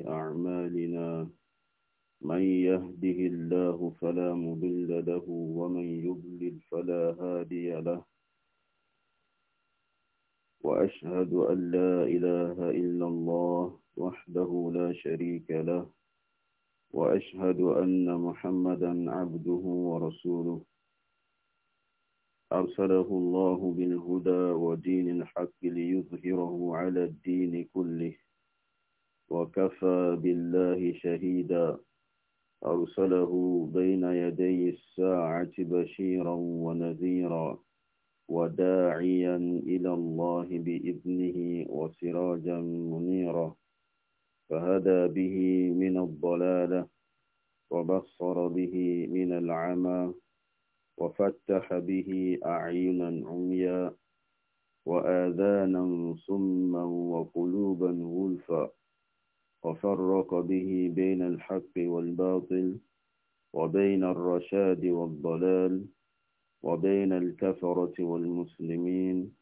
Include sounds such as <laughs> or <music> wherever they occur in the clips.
أعمالنا من يهده الله فلا مضل له ومن يضلل فلا هادي له وأشهد أن لا إله إلا الله وحده لا شريك له وأشهد أن محمدا عبده ورسوله أرسله الله بالهدى ودين الحق ليظهره على الدين كله وكفى بالله شهيدا أرسله بين يدي الساعة بشيرا ونذيرا وداعيا إلى الله بإذنه وسراجا منيرا فهدى به من الضلالة وبصر به من العمى وفتح به أعينا عميا وآذانا صما وقلوبا غلفا وفرق به بين الحق والباطل وبين الرشاد والضلال وبين الكفرة والمسلمين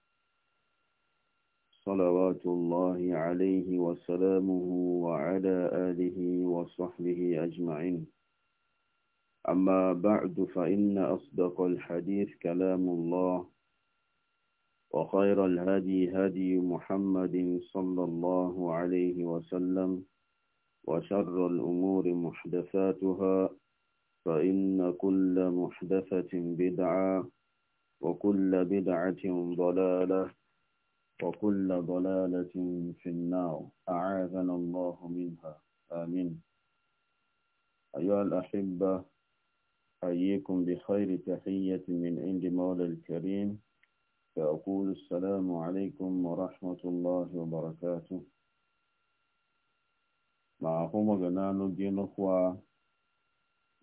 صلوات الله عليه وسلامه وعلى آله وصحبه أجمعين أما بعد فإن أصدق الحديث كلام الله وخير الهدي هدي محمد صلى الله عليه وسلم وشر الأمور محدثاتها فإن كل محدثة بدعة وكل بدعة ضلالة وكل ضلالة في النار أعاذنا الله منها آمين أيها الأحبة أحييكم بخير تحية من عند مولى الكريم فأقول السلام عليكم ورحمة الله وبركاته ma ahụmọgị naanụ gị nụkwa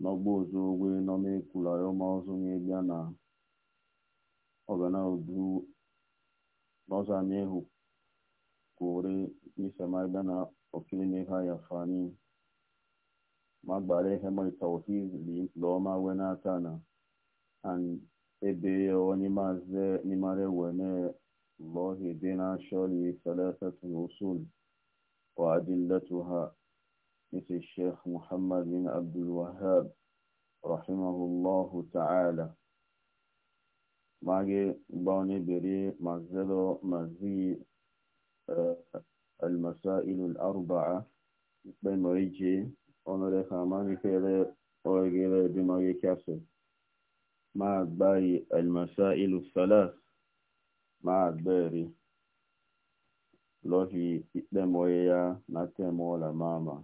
n'ọgba ozu ogwe nọ n'ekwula ọma ọzọ n'ebia na ọgana udu n'ọzọ amehu kwore n'isemaga na okilinha ya fani ma gbara ihe mọlịta ohizili ọma wee n'aka na an ebe ya onye maazị n'imara wene lọhide na shọri salasatụ nletụ ha. مثل الشيخ محمد بن عبد الوهاب رحمه الله تعالى ماجي بوني بري مازلو مازي المسائل الأربعة بين مريجي أنا خاماني كيري أورجيري بماري كاسل مع باي المسائل الثلاث مع باري لوهي إتلم ويا نتم ولا ماما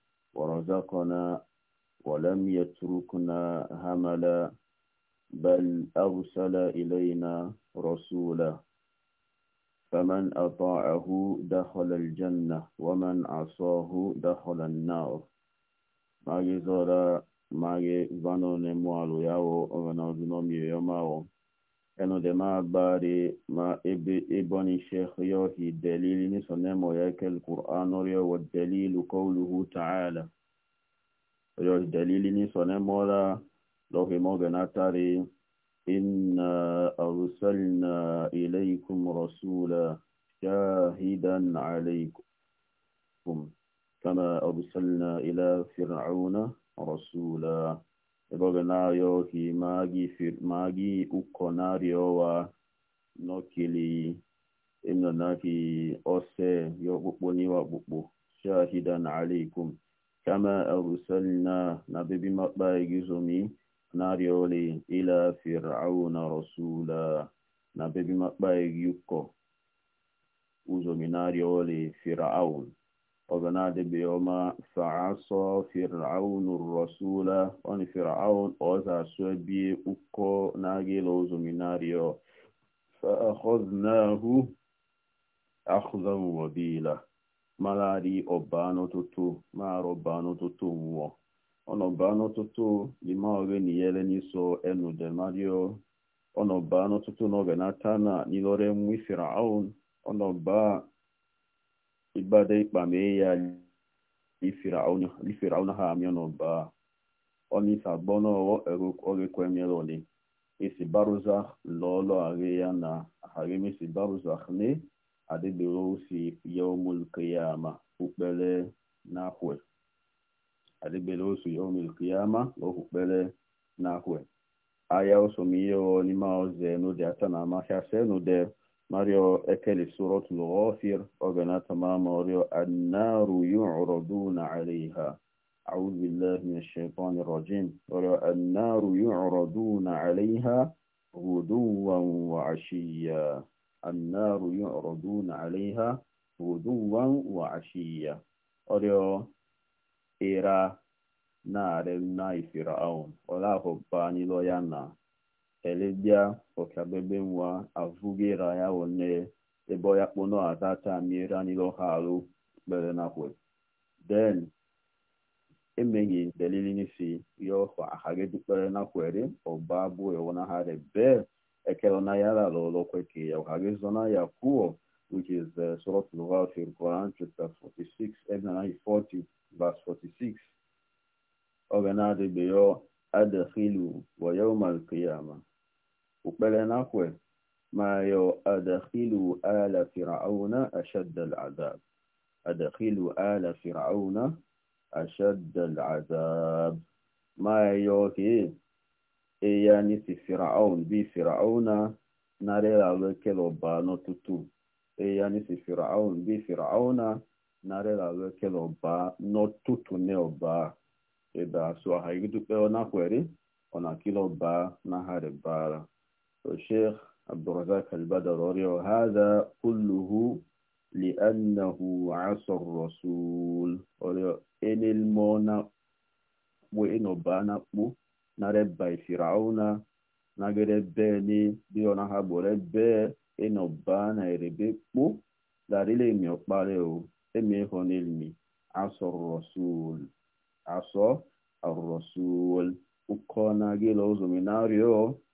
ورزقنا ولم يتركنا هملا بل أرسل إلينا رسولا فمن أطاعه دخل الجنة ومن عصاه دخل النار ما يزرى ما يزنون موالو ياو ومن أزنون يوماو ẹnu dẹ̀ máa gbáre ma ebọ́ni ṣẹ́kọ̀ yóò fi dẹ̀lílì ní sọ̀nẹ́mọ̀ yẹ kẹ́lù kùránù rí ọwọ́ dẹ̀lílù kọ́ọ̀lùhù tààlà rí ọ̀hì dẹ̀lílì ní sọ̀nẹ́mọ̀ rá lọ́fẹ̀ mọ́gànà tàrí iná àrùsọ́lìnà ilẹ̀ikùn rọ̀súlà ṣáhìdán àlẹ́ikùn kama àrùsọ́lìnà ilẹ̀ fìràúnà rọ̀súlà. eboge nayo hi magi fir magi uko nario wa nokili imna naki ose yo bukbo ni wa bukbo shahidan alaikum kama arsalna nabibi mabba igizumi nario li ila fir'auna rasula nabibi mabba igiko uzo minario li fir'aun وبنادي بيوما فعصى فرعون الرسول أن فرعون أوزع سوبي أكو ناجي لوزو مناريو فأخذناه أخذا وبيلا ملاري أبانو تتو ما ربانو تتو ọnọbanụ tụtụ لما ọrụ يلني سو enu demario ọnọbanụ tụtụ n'oge na tana n'ilore mwifira aun ọnọba ibada ikpame ya lifirauna ha amiono ba oni o sagbono orekwemieloni esi baruzah lolo are ya na harim esi baruzah ne adebero si yaumul qiyama ukpele nahwe adebero si yaumul qiyama ukpele nahwe aya osomiyo nima oze no de atana ma hase no de ماريو أكل سورة الغافر وقنا تمام ماريو النار يعرضون عليها أعوذ بالله من الشيطان الرجيم ماريو النار يعرضون عليها غدوا وعشيا النار يعرضون عليها غدوا وعشيا ماريو إيرا نار الناي فرعون ولا هباني لو ينا elebia okabebe nwa avugira ya one ebe ọya kpono azata miere anilo ha alụ kpere nakwe then emeghị delili n'isi ya ọkwa ahagedikpere nakwere ọba abụ ewonahari bee na ya lalụlọkweke ya na ya kwuo which is the uh, Surah Al-Ghafir, Quran chapter 46, Ibn 40, verse 46. Obenade beyo adakhilu wa yawma ya qiyamah ukpele nakwe ma yo adakhilu ala fir'auna ashadd al'adab adakhilu ala fir'auna ashadd al'adab ma yo ke eya ni ti fir'aun bi fir'auna nare la lo ke lo ba no tutu eya ni ti fir'aun bi fir'auna nare la lo ke lo ba no tutu ne oba ebe asu ha igudu pe ona kwere ona kilo ba na hare bara الشيخ عبد الرزاق البدروري وهذا كله لأنه عصى الرسول إن المونا وإن بانا بو نربى فرعون نغربني بيونا هبوربى إن بانا يربى بو داريلي ميوباليو إمي المي عصى الرسول عصى الرسول وكونا جيلو زميناريو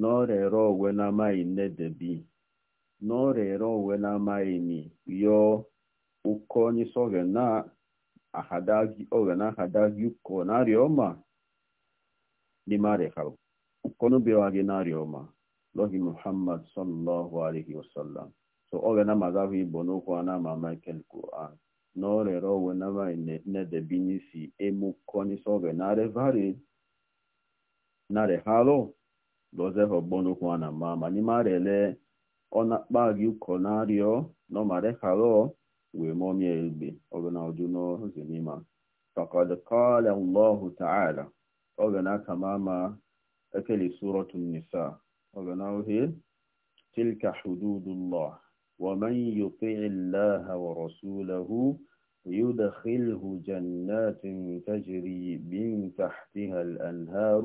n'ọrịa onwe na-amaghị nnedebi n'ọrịa onwe na-amaghị ni yọ ụkọ nyisi oge na-ahadagi oge na-ahadagi ụkọ narịa ọma n'ime arịharụ ụkọnubewa gị narịa ọma lọhi muhammad sallallahu alaihi wasallam so oge na mazahụ igbo n'okwu a na-ama michael quran n'ọrịa onwe na-amaghị nnedebi n'isi emukọ nyisi oge narịvarị narịharụ lozef ogbonukwu ana ma ma n'ime arịele ọnakpa gị ụkọ na-arịọ nọmarịkharọ wee mọmịa egbe ọgana ọdụ n'ozi n'ima فقد قال الله تعالى أغنى تماما أكل سورة النساء أغناه تلك حدود الله ومن يطيع الله ورسوله يدخله جنات تجري من تحتها الأنهار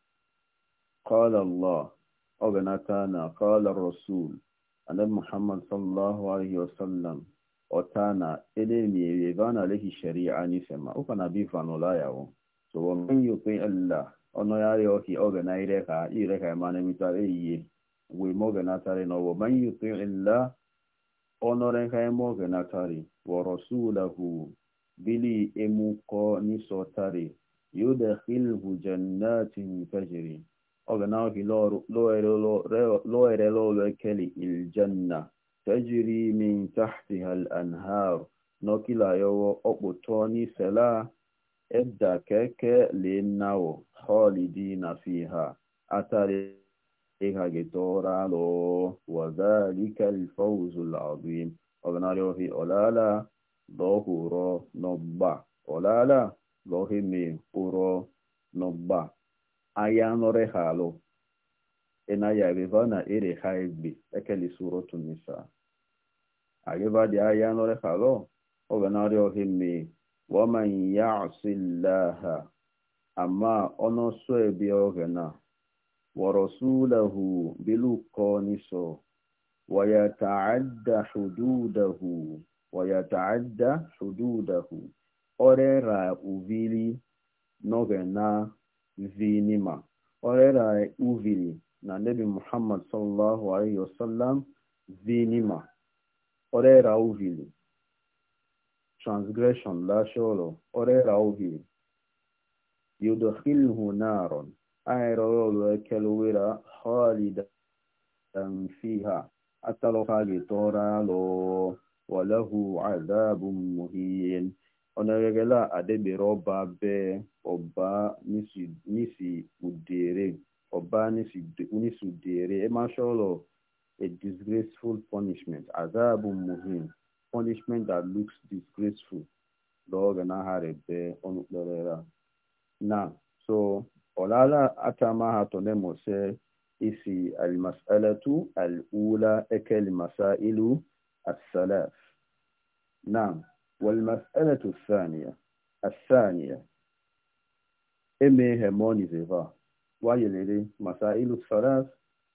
قال الله أو قال الرسول أن محمد صلى الله عليه وسلم أتانا إلمي يبان عليه الشريعة نسمع وكان بيفان ولا يو سو من يطيع الله أنه يريوكي أو بنايريكا إيريكا ما نمي نمتاريه تاري نو ومن يطيع الله أنه يمو تاري ورسوله بلي إمو إموكو تاري يدخله جنات تجري أغناك لوير لولكلي الجنة تجري من تحتها الأنهار نوكلا يو توني سلا إبدا كيك لناو خالدين فيها أتاري إيها لو وذلك الفوز العظيم أغناريو في أولالا ظهور نبا أولالا ظهمي أورو نبا Aya n’ore ha ala’o’. I na ya e ba na ere ha egbe, ekele suru tu nisa. A yi ba di aya n’ore ha ala’o’, obinari ohunmi wa ya osi laha, amma ọ e na so ebe obina, wa rasu la hu bilu ko niso, wa ya ta’adda shudu da vinima orera uvili na nebi muhammad sallallahu alaihi wasallam vinima orera uvili transgression lasholo orera uvili yudkhilhu naron aerololo ekeluwera khalidan fiha atalofage toralo walahu adhabun muhin ọ̀nàgẹ́gẹ́lá àdébẹ̀rẹ̀ ọba bẹ́ ọba níṣì ùdèrè ọba níṣì ùdèrè ẹ máa ṣọ́ọ̀lọ̀ a disgraceful punishment azabu muhim punishment that looks disgraceful lọ́ọ̀gẹ̀ náà ha rẹ̀ bẹ́ ọ̀nùpẹ̀rẹ̀ra now so ọ̀làlà àtàmáhà tọ̀nẹ́mọ̀sẹ́ isi alimasalatu al'ula ekel masailu asalaf now والمسألة الثانية الثانية إمي هموني زيفا ويلري مسائل الثلاث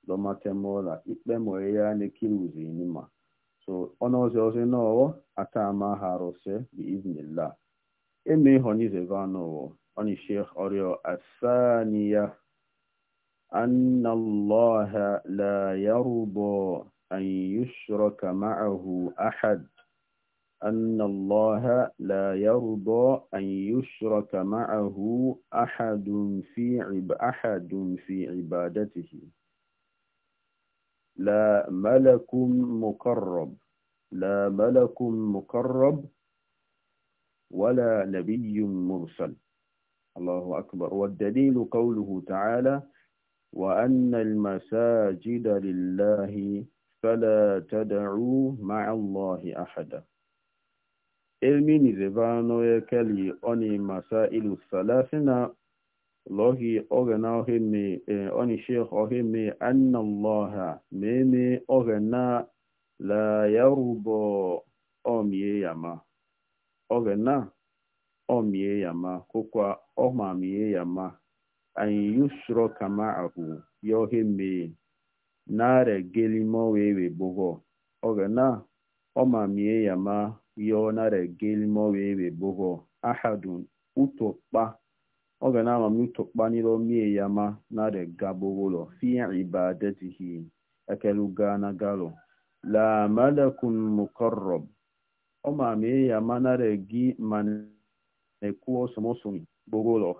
لما تمولا إقبام ويان كيلوزي نما so ono zoze nowo ata ma harose bi iznillah eme honi zeva nowo oni sheikh oryo asaniya أن الله لا يرضى أن يشرك معه أحد أن الله لا يرضى أن يشرك معه أحد في عب أحد في عبادته لا ملك مقرب لا ملك مقرب ولا نبي مرسل الله أكبر والدليل قوله تعالى وأن المساجد لله فلا تدعوا مع الله أحدا elminize vano keli oni masa ilu salasina lohi ogana ohimi e, oni sheikh ohimi anna allaha meme ogana la yarubo omie yama ogana omie yama kokwa omamie yama an yusro kama ahu yohimi nare gelimo wewe bogo ogana omamie yama yonare gelimo wewe bogo ahadun utokpa oge na-ama m utokpa n'ilomie ya ma na-re ga nare gabowolo fi ibadatihi ekeluga na galo la malakun mukarrab ma mee ya ma na-re gi man ekwu osomosom gbogolo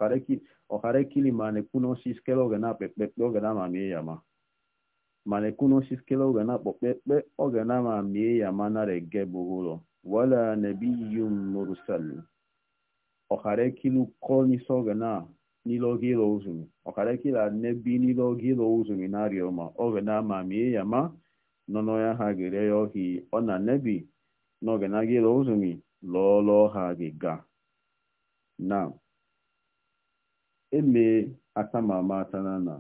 ọhara kili man ekwu n'osis kele ga na kpekpekpe oge na-ama mee ya ma man ekwu n'osis kele ga na kpọkpekpe oge na-ama mee ya ma na-re ge gbogolo wala nabiyyun mursal ọ̀kàrẹ́ kílù kọ́ ní sọ́gà náà nílọ́gí lọ òzùmí ọ̀kàrẹ́ kílà nẹ́bí nílọ́gí lọ na náàrí ọmọ ọ̀gà náà mà mí èyà má nọ́nà ya ha gèrè ya ọhì ọ̀nà nẹ́bí n'ọ̀gà náà gí lọ òzùmí lọ́ọ́lọ́ ha gèga na eme atamama atanana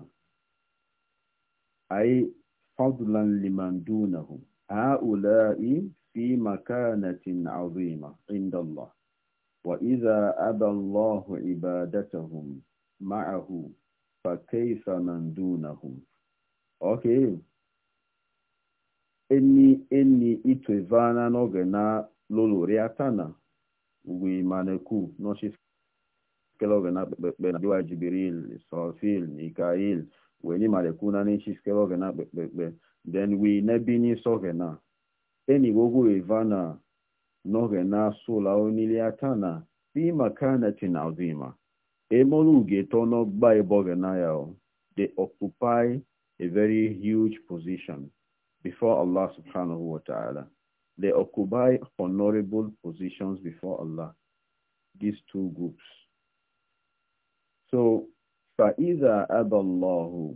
ayi fadlan liman dunahu haula'i في مكانة عظيمة عند الله وإذا أبى الله عبادتهم معه فكيف من دونهم okay eni eni ito ivana n'oge na lolori atana Enyi maneku n'ochi sikele oge na kpekpekpe na diwa jibril sofil mikail wenyi maneku na n'ichi sikele oge na kpekpekpe then we nebini soge na eni gogo evana noge na sola onili atana fi makana tinazima emolu getono gba eboge na ya they occupy a very huge position before Allah subhanahu wa ta'ala they occupy honorable positions before Allah these two groups so فإذا أبى الله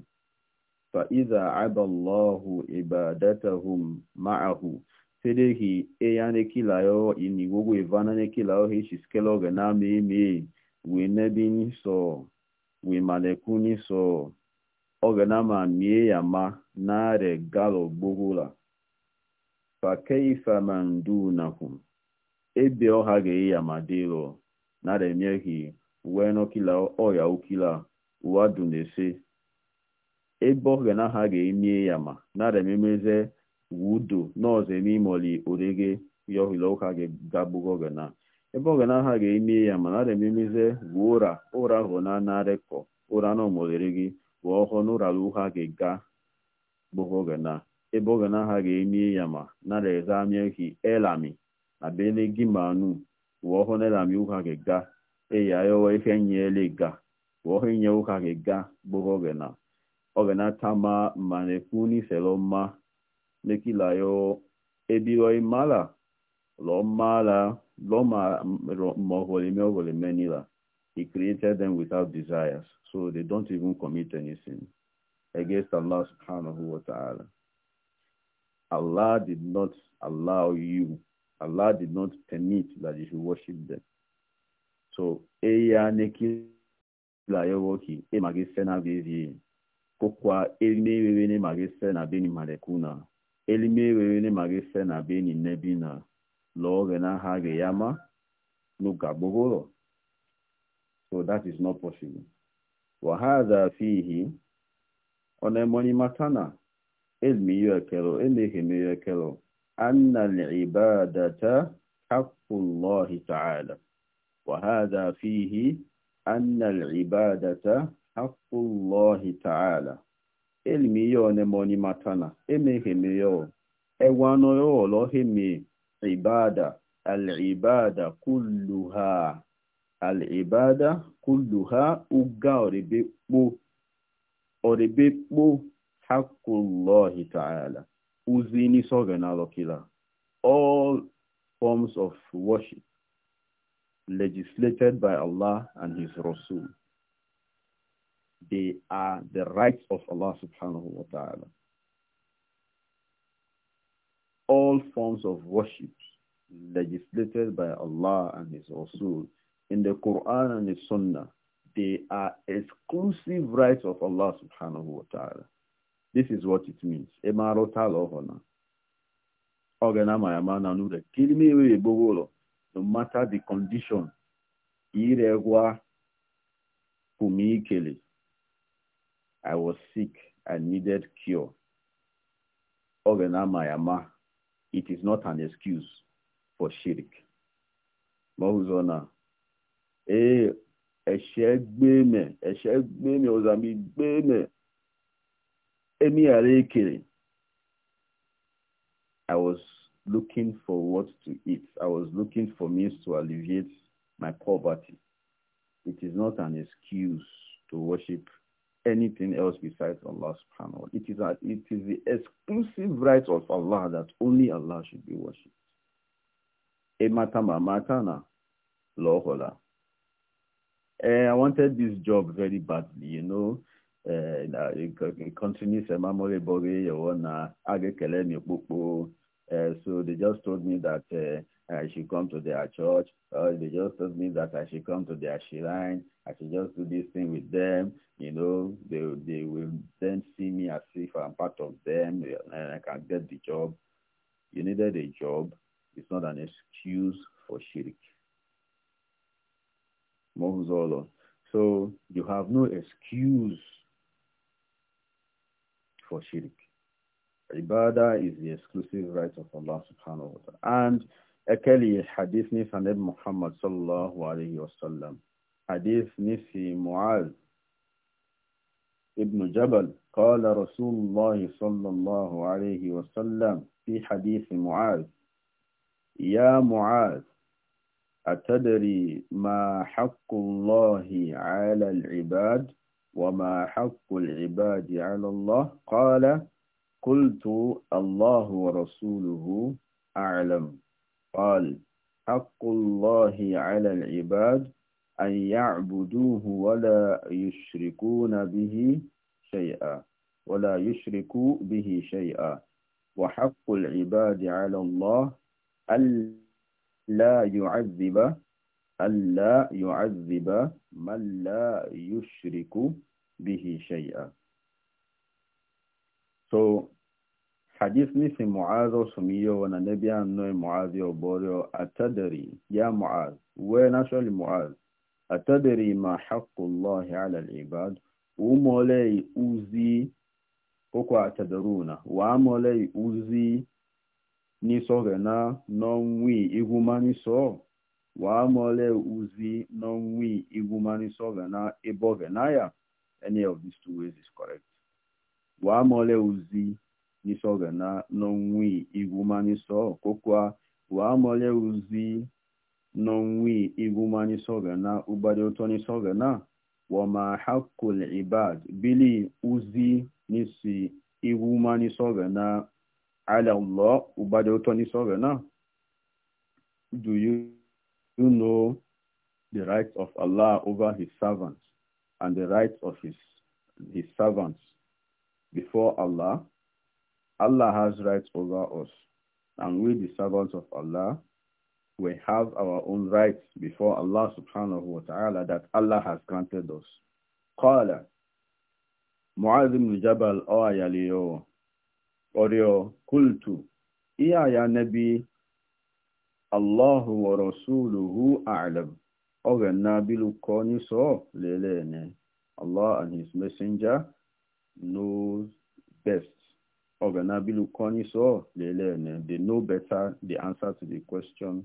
فإذا أبى الله إبادتهم معه eya na-amị sedehi eyanekilao inigogo evananekilao heshiskeloge nameme wenebiniso wemanekuniso ogenama e e e mie yama nare galo gbogola fakeifa man dunahum ebe ọha ga yama dilo nare miehi wenokilao oya ukila uwadunese ebe ogena ha ga emie yama nare memeze wudo n'ọzọ eme imoli orege yohile ụka gabugo gana ebe ogana ha ga-eme ya mana ada ememeze wuo ụra ụra hụ na narịkọ ụra na omolere gị wụọ ọhụ n'ụrala ụha ga-ga gbugo gana ebe ogana ha ga-eme ya ma nara eze amịehi elami na bele gị manu wụọ ọhụ n'elami ụha ga-ga eyi ayọwa ihe nyele ga wụọ ọhụ inye ụha ga-ga gbugo gana ogana tama ma na-ekwu n'iselo mma ebiroi mala lo mala lo ma moholime he created them without desires so they don't even commit any sin against allah subhanahu wa ta'ala allah did not allow you allah did not permit that you should worship them so eya nekilayo woki emagi sena vivi kokwa emewewe ne magi sena bini malekuna elime ewere magi na beni nebi na lọọ na ha ga-yama n'ụkagbogoro so that is not possible wahada fihi onemoni matana na emonye mata na anna al-ibadata حق الله تعالى وهذا فيه أن العبادة حق elimiyo ne moni matana eme emehemiyo ewano yo lo lohemi ibada al-ibada kulluha al-ibada kulluha uga orebe po orebe po hakullahi ta'ala uzini soga na lokila all forms of worship legislated by Allah and his rasul they are the rights of Allah subhanahu wa ta'ala. All forms of worship legislated by Allah and His Rasul in the Quran and the Sunnah, they are exclusive rights of Allah subhanahu wa ta'ala. This is what it means. No matter the condition, I was sick. I needed cure. Ogenamayama, it is not an excuse for shirk. Mahuzona, eh, ẹ̀ṣẹ̀ gbé mi, beme. gbé mi, ọ̀zà Emi àrékèrè. I was looking for what to eat. I was looking for means to alleviate my poverty. It is not an excuse to worship anything else besides Allah subhanahu wa ta'ala. It is, a, it is the exclusive right of Allah that only Allah should be worshipped. Ematama I wanted this job very badly, you know. Uh, So they just told me that uh, I should come to their church. Or they just told me that I should come to their shrine. I should just do this thing with them. You know, they they will then see me as if I'm part of them and I can get the job. You needed a job. It's not an excuse for shirk. So you have no excuse for shirk. Ibadah is the exclusive right of Allah subhanahu wa ta'ala. And a hadith ni Muhammad sallallahu alayhi wa sallam. حديث نسي معاذ ابن جبل قال رسول الله صلى الله عليه وسلم في حديث معاذ يا معاذ أتدري ما حق الله على العباد وما حق العباد على الله قال قلت الله ورسوله أعلم قال حق الله على العباد أن يعبدوه ولا يشركون به شيئا ولا يشركوا به شيئا وحق العباد على الله ألا يعذب ألا يعذب من لا يشرك به شيئا So hadith ni si Muaz osumiyo wana nebi anno Muaz yo boryo atadari ya Muaz we naturally Muaz atadiri ma haqqullahi ala al-ibad umolei uzi koko atadaruna waamolei uzi nisogena nonwi igumaniso waamole uzi nonwi igumaniso ibogena ya any of these two ways is correct waamole uzi nisogena nonwi igumaniso kokwa waamole uzi nonwi igumani sogana ubade utoni sogana wama hakul ibad bili uzi nisi igumani sogana ala Allah ubade utoni sogana do you, know the rights of Allah over his servants and the rights of his his servants before Allah Allah has rights over us and we the servants of Allah we have our own rights before Allah subhanahu wa ta'ala that Allah has granted us. قال معاذ بن جبل آية ليو أريو قلت إيا يا نبي الله ورسوله أعلم أغا نابل كوني سو ليلين Allah and his messenger knows best. Ọ̀gànà Bílù Kọ́ní sọ lélẹ̀ ẹ̀nẹ̀, they know better the answer to the question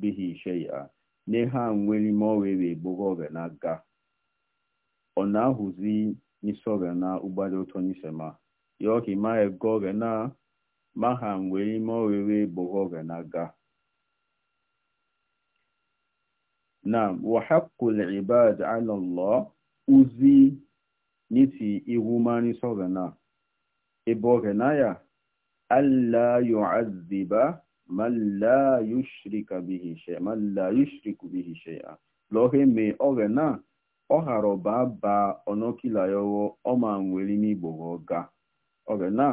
bihi sheya n'ihe a nwere ime owere gboro ọghena ga ọ na-ahụzi n'isi ọghena ụgbara ụtọ n'isema ya ọka ma ego na ma ha nwere ime owere gboro ọghena ga na wahakul ibad ala allah uzi n'iti ihu ma n'isi ọghena ebe ọghena ya alla yu'azziba man la yushrika bihi shay'a man la yushriku lohe me ọ ghara ọba ba ọnọkila ọma nwere n'igbo ọga oge na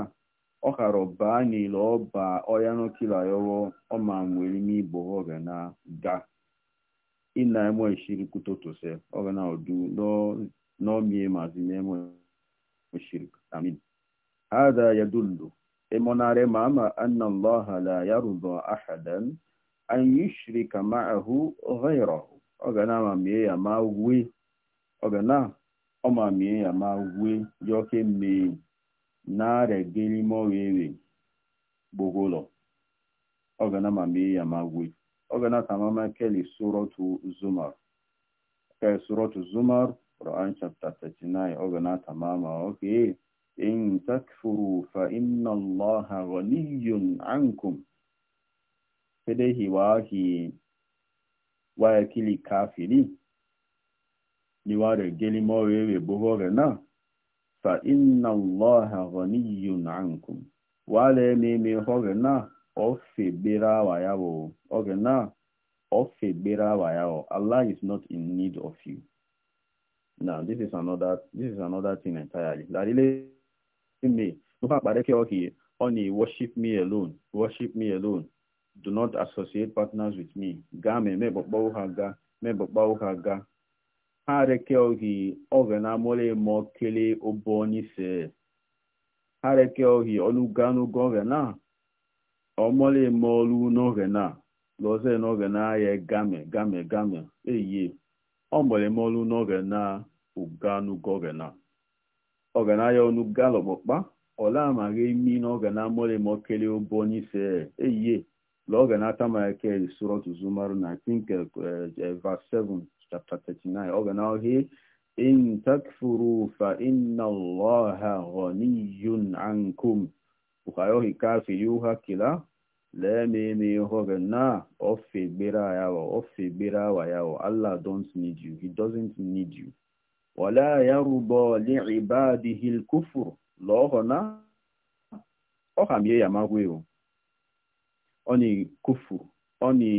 ọba n'ile ọba ọya nọkila ọma nwere na ga emo odu ịmụnarị ma ama anallaha la yarụdọ ahadan an yushrika ma'ahu ghayrahu ọ ga na amamie ya ma gwe ọ ga na ọmamie ya ma gwe yoke mmee na-aregelimowewe gbogolo ọ ga na amamie ya ma gwe ọ ga na tamama keli suratu zumar ke suratu zumar Quran chapter 39 ọ ga na tamama oke okay. إن تكفروا فإن الله غني عنكم فده واهي ويكلي كافري niware gelimo wewe bohore na fa inna allaha ghaniyun ankum wale meme hore na ofebera wa yawo oge na ofebera wa yawo allah is not in need of you now this is another this is another thing entirely that me nuka kpareke oki oni worship me alone worship me alone do not associate partners with me ga me me gbogbo ha ga me gbogbo ha ga ha reke ohi oge na mole mo kele obo ni se ha reke ohi oluganu go na omole mo lu no ge na loze no ge na ye game game game eye omole mo lu no ge na uganu go ọganaya ọnụ galọgbọkpa ọla amaghị imi na ọgana mọle ma ọkele ụbọ n'ise eyiye la ọgana atamake sụrọ tuzumarụ na think verse 7 chapter 39 ọgana ọhị إن تكفروا فإن الله غني عنكم وخيوه كافر يوها كلا لا ميمي هغنا أوفي برا ياو أوفي برا وياو Allah don't need you he doesn't need you wala yarụbọ liibadihil kufur lọọhọ na ọhamie ya magweo oni kufur oni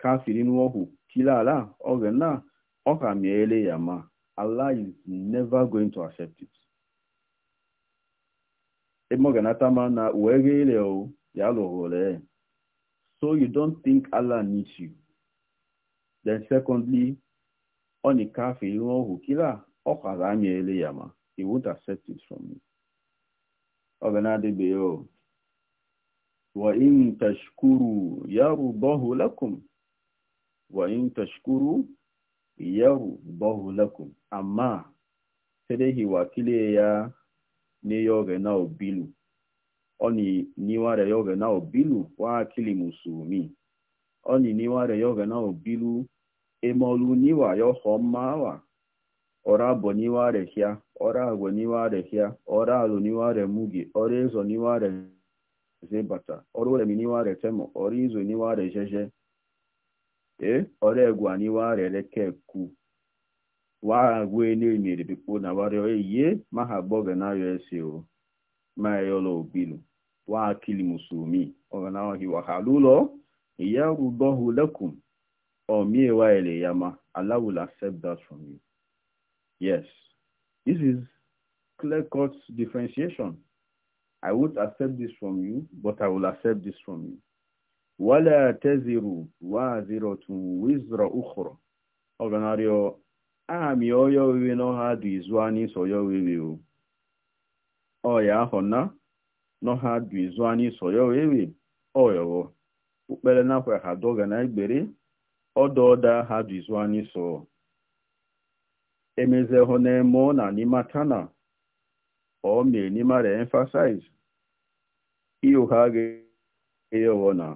kafirin wohu kilala ogena ọhamiele ya ma is never going to accept it tama na uwegeile o ya so you don't think Allah needs you then secondly oni kafirin wohu kila ọkwara anya ele ya ma he would accept it from me ọ ga na-adịbeghị o oh, wa in tashkuru yarudọhu lakum wa in tashkuru yarudọhu lakum amma sedehi wakile ya na oge na obilu oni niware yoge na obilu wa akili musumi oni niware yoge na obilu emolu niwa yo homawa ọra bọ niwa hịa ọrụ agwọ niwa hịa ọrụ alụ niwa remugi ọra ịzọ niwa rezebata ọrụ remi niwa retemo ọrụ izu niwa rejeje ee eh? ọrụ egwu niwa rerekeku wagwe n'emiri bikpo na warịọ eyiye ma ha gbọge na arịọ esi o ma yọla obilu wakili musulmi ọganahi wahalulo iyarudohu lekum omiewa ele yama allah will accept that from you Yes. This is clear-cut differentiation. I would accept this from you, but I will accept this from you. وَلَا تَزِرُ وَازِرَةٌ وِزْرَ أُخْرَ Ọganario, aha m ya onye owiwe n'ọha dị izu anyị so ya owiwe o. Ọya ahụ na n'ọha dị izu anyị so ya owiwe ọyọwo. Ukpere na igbere, ọdọọda ha dị izu anyị so emeze na-amụ na emezehonemo nimatana omni nimare emphasize iuhage eyowona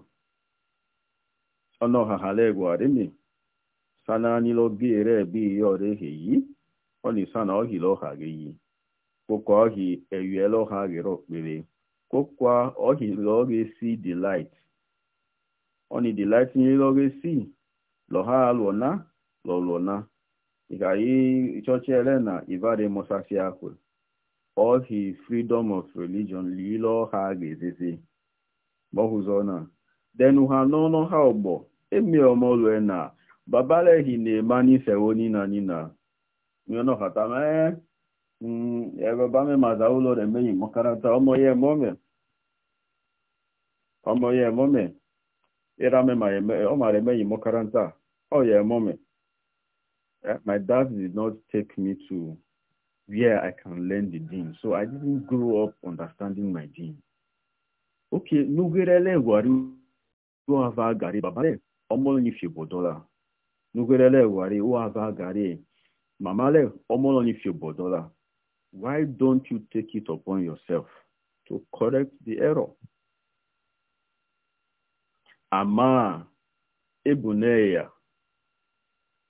onohahalegwarimi sananilogiere biyoreheyi onisana ohilohageyi kwokwa ohi eyuelohagere okpere kwokwa ohilogesi delight oni delight nilogesi loha alwona lolwona ga-ahị ịchọchiere na ivare mosasi akwe ohi freedom of religion lilo ha ga-ezezi maọhụzọ na denu ha n'ọnụ ha ọgbọ emiomolue na babalehi na-eme n'ifewo nina nina mionọhata ma ee hmm, ebebame maza ụlọ na-emeghị makarata ọmọye mome ọmọye mome ịrame ma ọmara emeghị ọ ya emome Uh, my dad did not take me to where I can learn the deen. So I didn't grow up understanding my deen. Okay, nugerele wari uava gari babale omolo ni fibodola. Nugerele wari uava gari mamale omolo ni fibodola. Why don't you take it upon yourself to correct the error? Ama ebuneya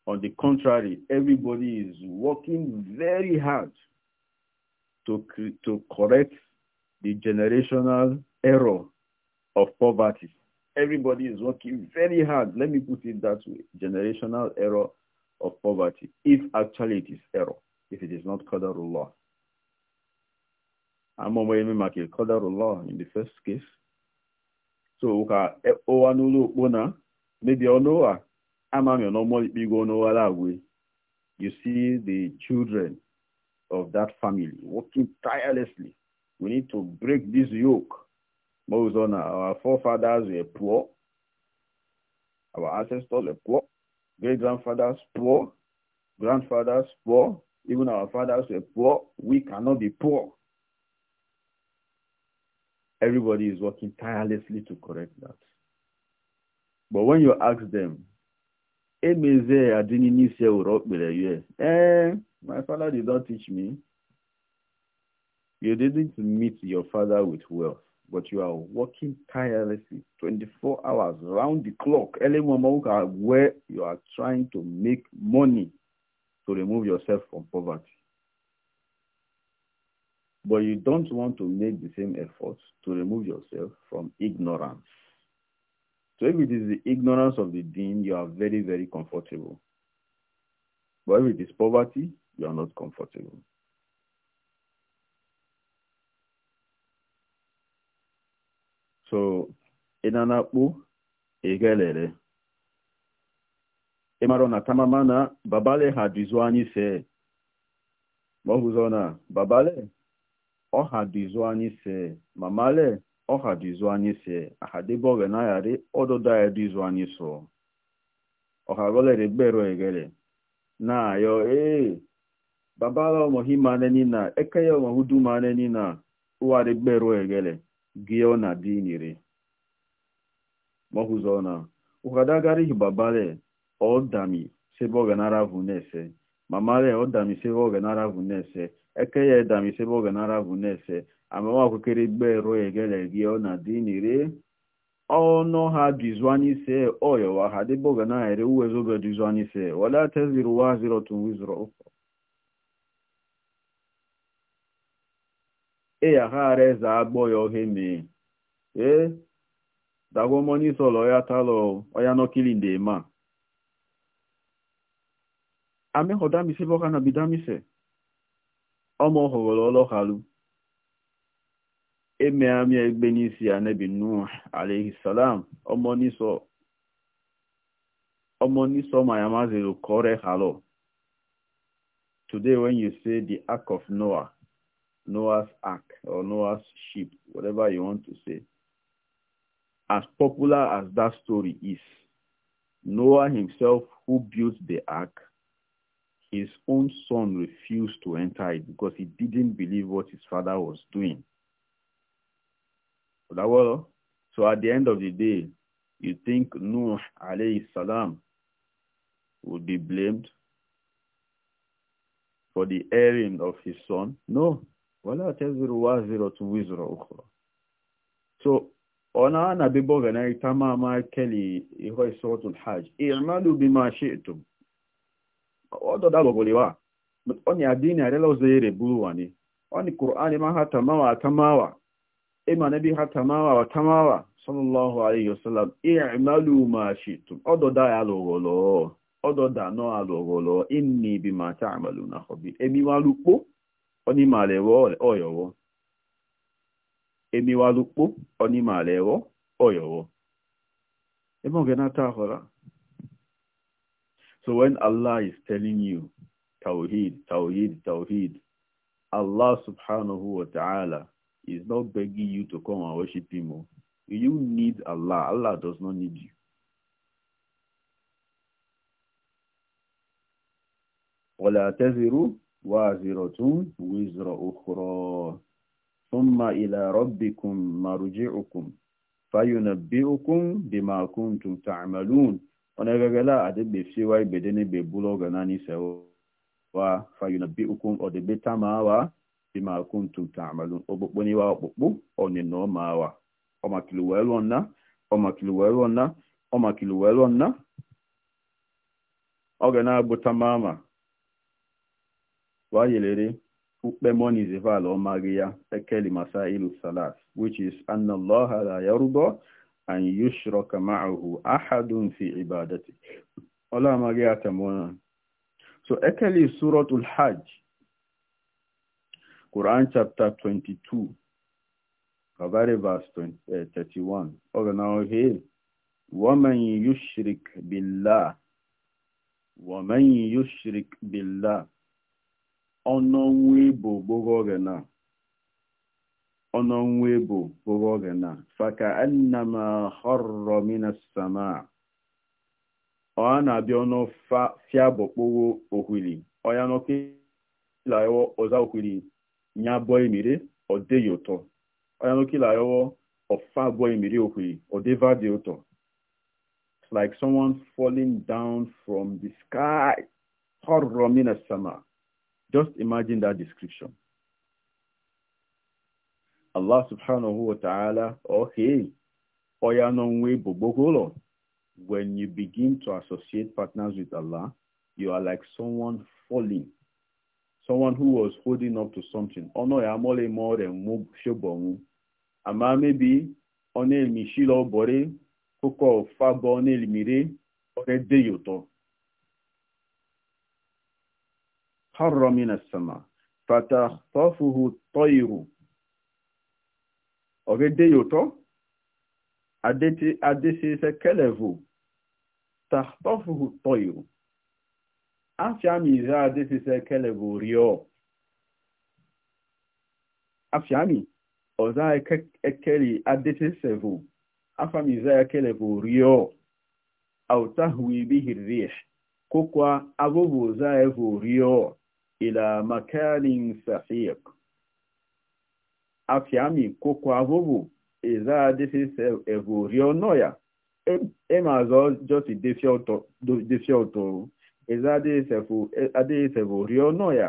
On the contrary, everybody is working very hard to, to correct the generational error of poverty. Everybody is working very hard, let me put it that way, generational error of poverty, if actually it is error, if it is not Qadarullah. Amọmọyemi maka Qadarullah in the first case. So, maybe I know Amamion Omolipigo Noalagwe, you see the children of that family working tirelessly. We need to break this yoke. Mozona, our forefathers were poor. Our ancestors were poor. Great grandfathers poor. Grandfathers poor. Even our fathers were poor. We cannot be poor. Everybody is working tirelessly to correct that. But when you ask them, Emeze adịghị n'isi ewere okpere yue. Eh, my father did not teach me. You didn't meet your father with wealth, but you are working tirelessly 24 hours round the clock. Early morning where you are trying to make money to remove yourself from poverty. But you don't want to make the same effort to remove yourself from ignorance. So if it is the ignorance of the deen, you are very, very comfortable. But if it is poverty, you are not comfortable. So ịnanakpu egelere ịmara na na babale ha dịzụ anyị see ma ọ na babale ọ ha anyi anyị see mamale ọha dịzụ anyị si ahadebe oge na yari ọdụda ya dịzụ anyị sụ ọha golere gbero egere na ayọ ee babala ọmọhi maneni na eke ya ọmọhudu maneni na ụwarị gbero egere gị ọ na dị nyere mọhụzọ na ụhadagari babale ọdami sebe oge nara vụ na-ese mamale ọdami sebe oge nara vụ na-ese eke ya edami sebe oge nara na-ese amawakwekere roe egele gị ọ na dinire ọnụ ha ọyọwa ha dịboga na ere uwezobe dizwanise wala teziru wazirotun wizro eya e ha reza agbọ ya ohe mee ee dagwomoni sọlọ ya talọ ọya nọkili nde ma bụ na bidamise egbe n'isi kọre halo today when you say the ark of noah noah's ark or noah's ship whatever you want to say as popular as that story is noah himself who built the ark his own son refused to enter it because he didn't believe what his father was doing Odawolo. So at the end of the day, you think Nuh alayhi salam would be blamed for the erring of his son? No. ولا تزر وازرة وزر أخرى. So ona ana bibo gana itama ma keli iho isotul hajj. I'malu bima shi'tum. Odo dalo goliwa. But oni adini arela uzeere buluwani. Oni Qur'ani ma maha tamawa tamawa. ima nabi ha tamawa wa tamawa sallallahu alayhi wasallam i'malu ma shi'tum ododa ya logolo ododa no alogolo inni bima ta'maluna khabir èmi wa lupo oni malewo oyowo èmi wa lupo oni malewo oyowo emo genata hora so when allah is telling you tawhid tawhid tawhid allah subhanahu wa ta'ala is not begging you to come and worship him. More. Oh. You need Allah. Allah does not need you. ولا تزر وازرة وزر أخرى ثم إلى ربكم مرجعكم فينبئكم بما كنتم تعملون onegagala adebe fiwa ibedene be be buloga nani sewa fayunabbiukum odebetamawa bima kuntum ta'malun okpukpo n'iwa ọkpụkpụ onina ọmawa ọmakili wee lụọ nna ọmakili wee lụọ nna ọmakili wee lụọ nna ọ ga na-abụta mama wayelere ukpemoni zival ọmaghị ya ekeli masa ilu salat which is anna allaha la yarudo an yushraka ma'ahu ahadun fi ibadati ọla amaghị atamona so ekeli suratul hajj Quran chapter 22, Kagari verse 20, uh, 31. Okay, now here, وَمَنْ يُشْرِكْ بِاللَّهِ billah ọnọ بِاللَّهِ ọnọnwa gbogbo oge na ọnọnwa ebo gbogbo oge na faka annama ọ na-abịa ọnụ fịa ọ ya nyabọ emire ọde ya ụtọ onye nokila ayọwọ ọfa abụọ emire okwe ọdeva dị ụtọ like someone falling down from the sky horror mina sama just imagine that description allah subhanahu wa ta'ala okay oh, oya no nwe bogbogolo when you begin to associate partners with allah you are like someone falling someone who was holding up to something ọ̀nà ya mọ́lẹ̀ mọ́ rẹ̀ mú ṣọ́bọ̀ wọn àmọ́ maybe ọ̀nà èmi ṣílọ bọ̀rẹ́ kókó fagbọ́ ọ̀nà èmi rẹ̀ ọ̀rẹ́ dé yòótọ́. حر من السماء فتخطفه الطير ọ̀rẹ́ dé yòótọ́ adé sí ṣe kẹlẹ̀ vò تخطفه الطير afiami za adịsịsị ekele bụ rio afiami ọza ekele adịsịsị bụ afami za ekele bụ rio autahwibihi rih kokwa abubu za evu rio e. e ila makanin sahiq afiami kokwa abubu e za adịsịsị evu rio noya emaazọ jọsi defi ọtọ eze adịghị sefụ rịọ nọ ya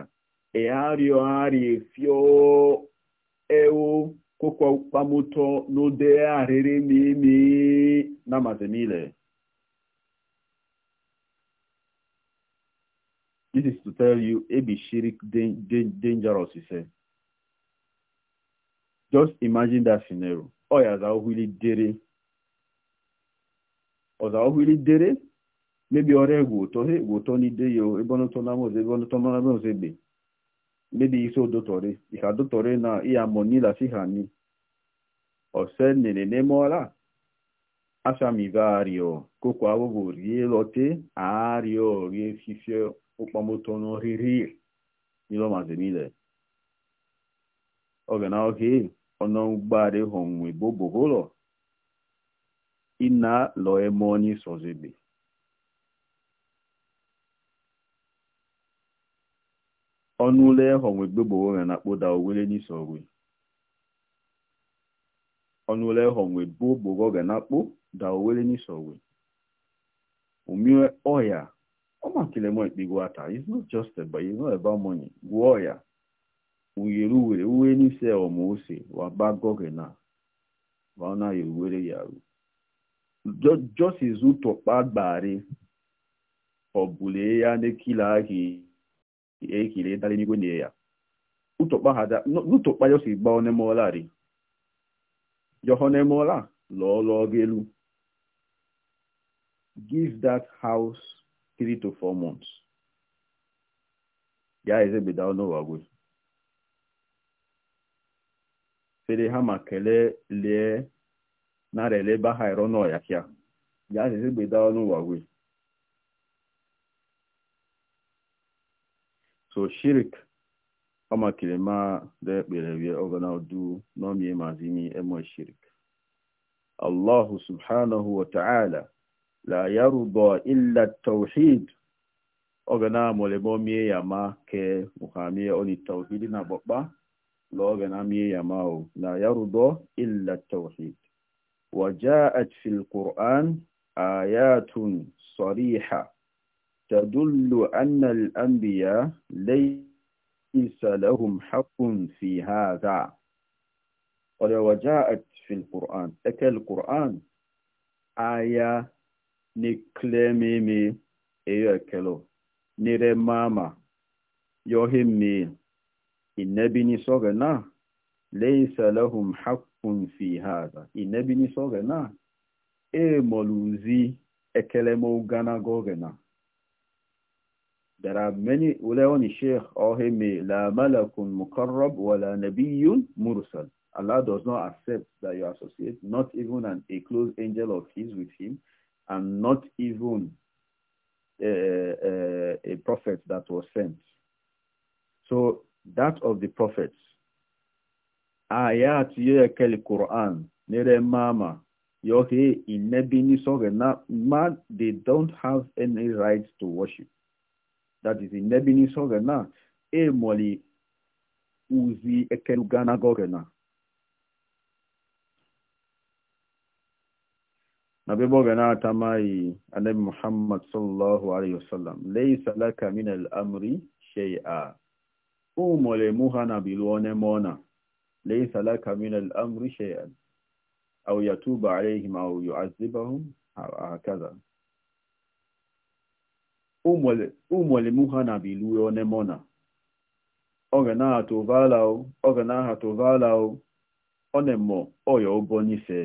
ịgharịọ arị fio ewu kụkọ kpamuto n'ude arịrị mimi na mazemile This is to tell you, ebi shirik dangerous, he Just imagine that scenario. Oh, yeah, that really did it. Oh, that really did it. mebi ọrụ egwu ụtọ ha egwu ụtọ n'ide ya ebe ọnụtọ na moze ebe ọnụtọ mara na ozegbe mebi isi odotọrị ihe adotọrị na iya mọ nila si ha ni ọsẹ nene nemọla asamivario koko awogo rie lọte aario rie fifie ụkpamọtọ n'oriri ilọmazemile oge na oge ọnọgbare honwe bobo holo ina lọ emọ n'isozegbe ọnụụlọ ẹhọ̀nwẹ̀ gbẹ́gbọ̀ wọ́n na kpọ́dà òwúlé ní sọ̀rọ̀ gbogbo ọ̀gà na kpọ́dà òwúlé ní sọ̀rọ̀ omi ọ̀yà ọmọ akílẹ̀ mọ́ ata is not just about about money gwọ ọ̀yà Uyere wèrè uwe ose wà bá gọ́gẹ̀ náà wà ó náà yèrú ya yàrú just ya n'ekílà ahịa. ekiri dara n'igwe na ya utokpa ya si gba onemola ri johonemola ọgụ elu give that house three to four months ya ezebeda gwe. fere ha ma kelee lee narị eleba ha ịrọ e n'ọya ya ya ezebeda ọnụwagwe so shirik ọmakịrịma da ekpere wie ọgana du n'ọmịe mazini emo shirik الله سبحانه وتعالى لا يرضى إلا التوحيد ọgana mọ̀lẹ́bọ́ mie ya ma kẹ muhammed ọni tawhid na gbọ́gbá lọ́gana mie ya ma o la yarudọ́ illa tawhid وجاءت في القرآن آيات صريحة تدل أن الأنبياء ليس لهم حق في هذا قال وجاءت في القرآن أكل القرآن آية نكلميمي أيها كلو نرماما يهمي النبي نصغنا ليس لهم حق في هذا النبي نصغنا أي ملوزي أكلمو غنا غنا There are many ulaoni sheikh or oh, may la malakun mukarrab wa la nabiyyun mursal. Allah does not accept that you associate not even an, a close angel of his with him and not even eh, eh, a prophet that was sent. So that of the prophets. Ayat yekel Quran nere mama yohe inebini sogena man they don't have any right to worship. that is nebini soge na emoli uzi ekelugana goge na nabi boge na tamai anabi muhammad sallallahu alaihi wasallam laysa laka min al-amri shay'a umole muhana bilwone mona laysa laka min al-amri shay'an aw yatuba alaihim aw yu'azzibahum hakaza umwalimu ha na biluwe onemona oge na ọ oge na ha tuvala onemo oyo obonise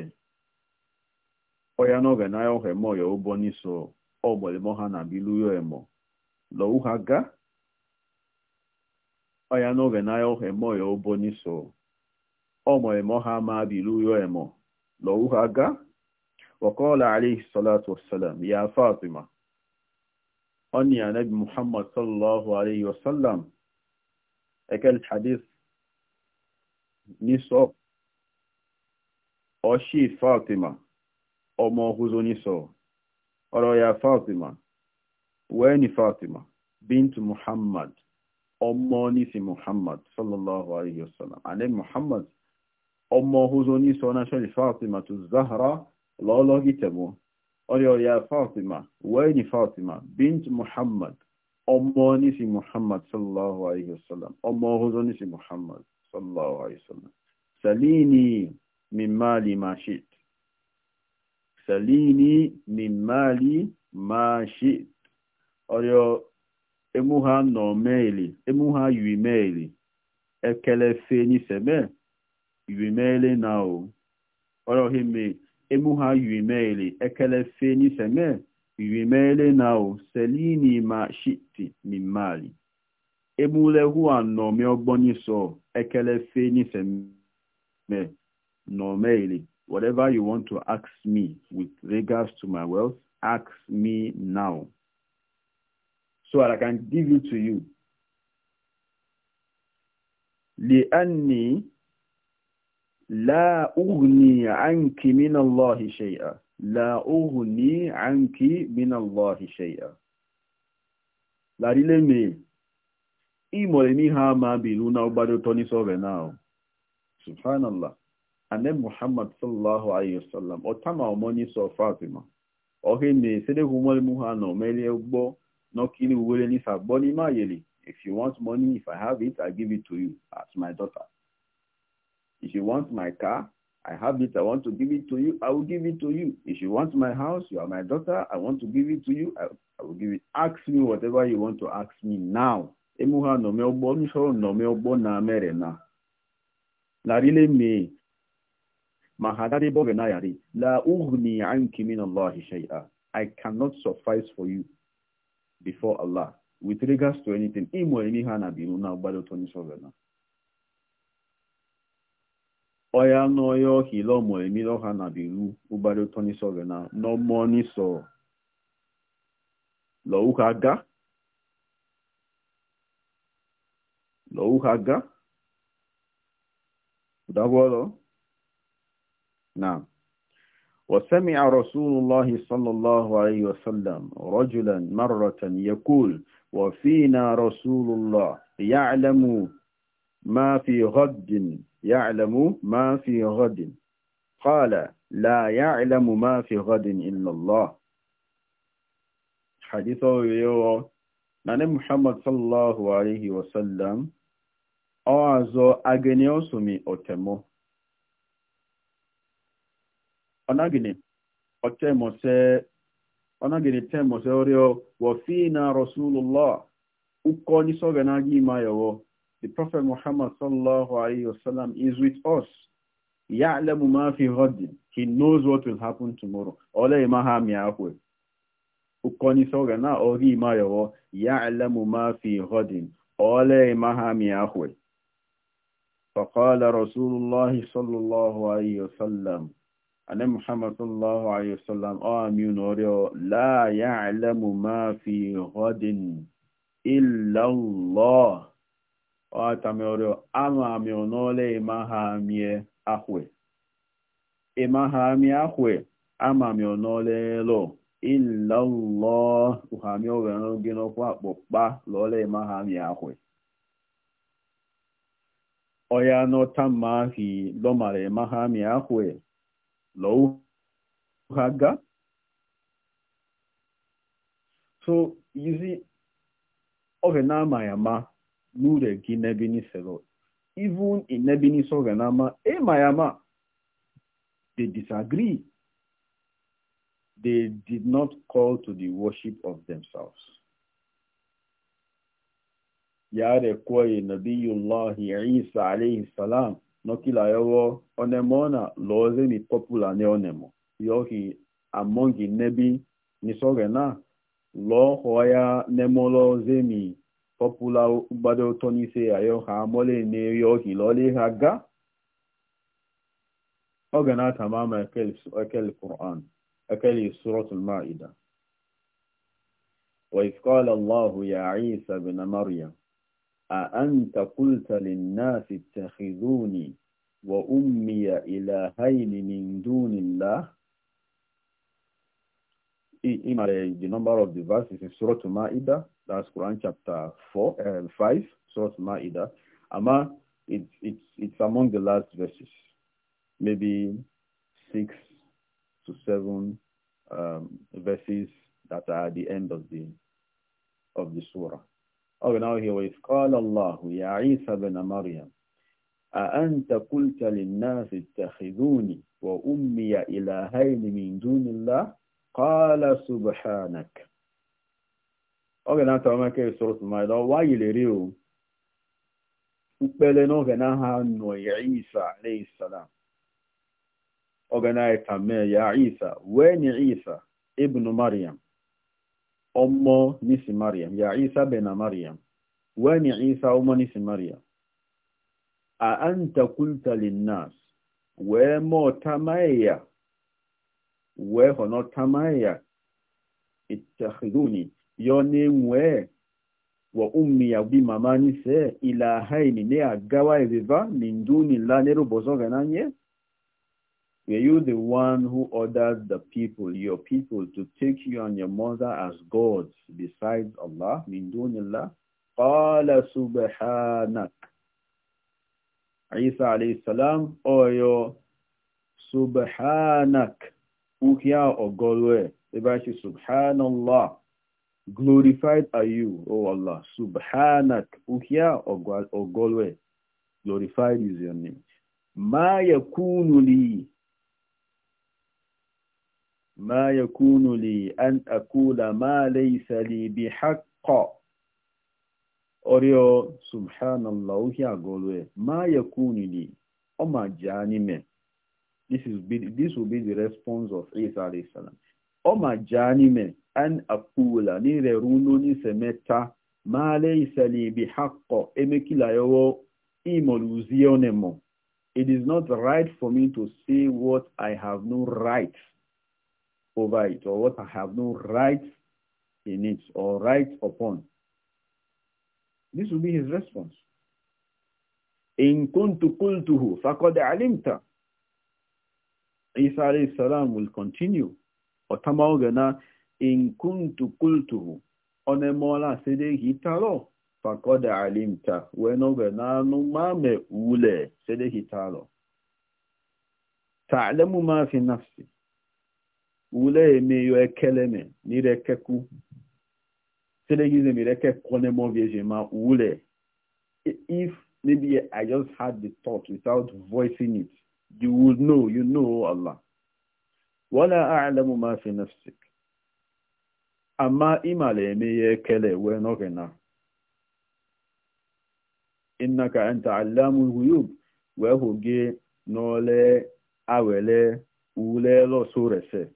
oya n'oge na ohe mo oyo oboniso ogbalimo ha na ya emo lo uha ga n'oge na ohe mo oyo oboniso ha ma biluwe emo ya uha ga وقال عليه الصلاة والسلام يا أني نبي محمد صلى الله عليه وسلم أكل الحديث نصف أشي فاطمة أما هو نصف أرى يا فاطمة وين فاطمة بنت محمد أما نسي محمد صلى الله عليه وسلم عن محمد أما هو نصف نشر فاطمة الزهرة لا لا جتبه ọ̀rẹ́ ọ̀yà fatima wẹ́ẹ̀ni fatima bint muhammad ọmọ oníṣì muhammad sallallahu alayhi wa sallam ọmọ ọhúnzọ́ oníṣì muhammad sallallahu alayhi wa sallam salini min mali ma shit salini min mali ma shit ọ̀rẹ́ emuha nọ meeli emuha yui meeli ekele fe seme yui meeli na o ọ̀rẹ́ emu ha yuimeli ekele feni seme yuimele nao selini ma shiti ni mali emule huwa nome ogboni so ekele feni seme nomeli whatever you want to ask me with regards to my wealth ask me now so that i can give it to you لأني la ughni anki min Allahi shay'a la ughni anki min Allahi shay'a larile me imore ni ha ma bilu na ogbado to ni so be now subhanallah ane muhammad sallallahu alaihi wasallam o tama o moni so fatima o he me se de hu mole mu no me le gbo no kini uwele ni sa gbo ma yele if you want money if i have it i give it to you as my daughter If you want my car, I have it. I want to give it to you. I will give it to you. If you want my house, you are my daughter. I want to give it to you. I, I will give it. Ask me whatever you want to ask me now. Emuha no me obo nisho no me obo na mere na. Larile me. Mahadari boge na yari. La ughni anki min Allahi shay'a. I cannot suffice for you before Allah with regards to anything. Imo emi hana binu na ubado to nisho na oya no yo hilo mo emi lo ha na biru ubare to ni so na no mo ni so lo u ha ga lo u ha ga dawolo na وسمع رسول الله صلى الله عليه وسلم رجلا مرة يقول وفينا رسول الله يعلم ما في غد يعلم ما في غد قال لا يعلم ما في غد إلا الله حديثه يو نان محمد صلى الله عليه وسلم أعزو سمي أتمو ọ̀nàgìnì tẹ́mọ̀sẹ́ orí ọ wọ̀ وفينا رسول الله ní سوغن náà ما يوو the Prophet Muhammad sallallahu alayhi wasallam is with us. Ya'lamu ma fi ghadin. He knows what will happen tomorrow. Ole ima ha mi akwe. Ukoni soga na ori ima yawo. Ya'lamu ma fi ghadin. Ole ima ha mi akwe. فقال رسول الله صلى الله عليه وسلم أنا محمد صلى الله عليه وسلم آمين وريو لا يعلم ما في غد ọtameọrịọ anụ amị a ịmahamie ahwe y ahwe a n'ọla elo ilalọ uhami owere gị n'ọkwa akpụkpa lọla ịmahamie ọ ọya n'ọta mmahi lọmara ịmahamie ahwe lọuhaga so yizi ọ ga na-ama ya nure gi nebini selo. Even in nebini soganama, e eh, mayama, they disagree. They did not call to the worship of themselves. Yare kwaye nabiyullahi Isa alayhi salam, nokila yawo onemona loze mi popula ne onemo. Yohi amongi nebi nisogena, lo hoya nemolo mi. popula ubado toni se ayo ha mole ne yo ki lo ha ga o gana tamama akel akel qur'an akeli surat al maida wa if qala allah ya isa bin maryam a anta qulta lin nas ittakhizuni wa ummi ila min dunillah Eh, the number of the verses in Surah Ma'idah, that's Quran chapter 4, uh, 5, Surah Ma'idah. Ama, it's, it's, it's among the last verses, maybe 6 to 7 um, verses that are at the end of the, of the surah. Okay, oh, now here is, قال الله يا عيسى بن مريم أأنت قلت للناس اتخذوني وأمي إلهين من دون الله qala subhanak oge na-atọrọ maka esorot mmadụ ọwa yilere o ukpele n'oge na ha nọ ya isa alayhisalam oge na-etame ya isa wee nye isa ibnu mariam ọmọ nisi mariam ya isa bena mariam wee nye isa ọmọ nisi mariam a anta kulta linnas wee mọta ya wee honotamaya ittakhiduni yone mwe wa ummi ya bi mamani se ila haini ne agawa eviva min duni la ne rubozoga nanye Were you the one who ordered the people, your people, to take you and your mother as gods besides Allah, min dunillah? Qala subhanak. Isa alayhi salam, oyo oh, subhanak. ukia ogolwe ebashi subhanallah glorified are you o allah subhanak ukia ogolwe glorified is your name ma yakunu li ما يكون لي أن أقول bi ليس لي بحق أريو سبحان ma يا ما o ma أما جاني This is be this will be the response of Isa alayhi salam. Oma janime an akula ni reruno ni semeta ma laysa li bihaqqo emekila yowo imoluzionemo. It is not right for me to say what I have no right over it or what I have no right in it or right upon. This will be his response. In kuntu qultuhu faqad alimta Isa alayhi salam will continue. in kuntu onemola sede hitalo fakoda alimta numame ule sede hitalo. Ta'lamu ma fi nafsi. Ule ekeleme Sede gize viejema ule. If maybe I just had the thought without voicing it, You would know, you know Allah. وَلَا أَعْلَمُ مَا فِي نَفْسِكَ Amma imale emeye kele we nokena. Innaka anta allamu huyub. We huge nole awele ule lo surese.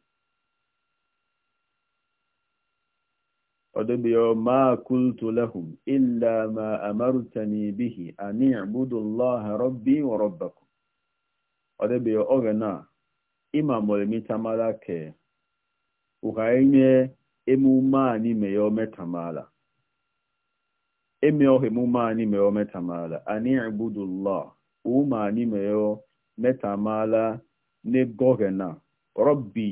ọdọ́bíọ́ máa kúltù lẹ́hùn ilẹ̀ ma àmárùtani bíhì a ní ìbúdó lọ́ha rọ́bí wọ́n ọdịbeghị oge na ịma molitamara ke ụghainye emume anyị mee ometamala emeohe emume anyị mee ometamala anyị ibudullah ume anyị mee metamala n'egoge na rọbi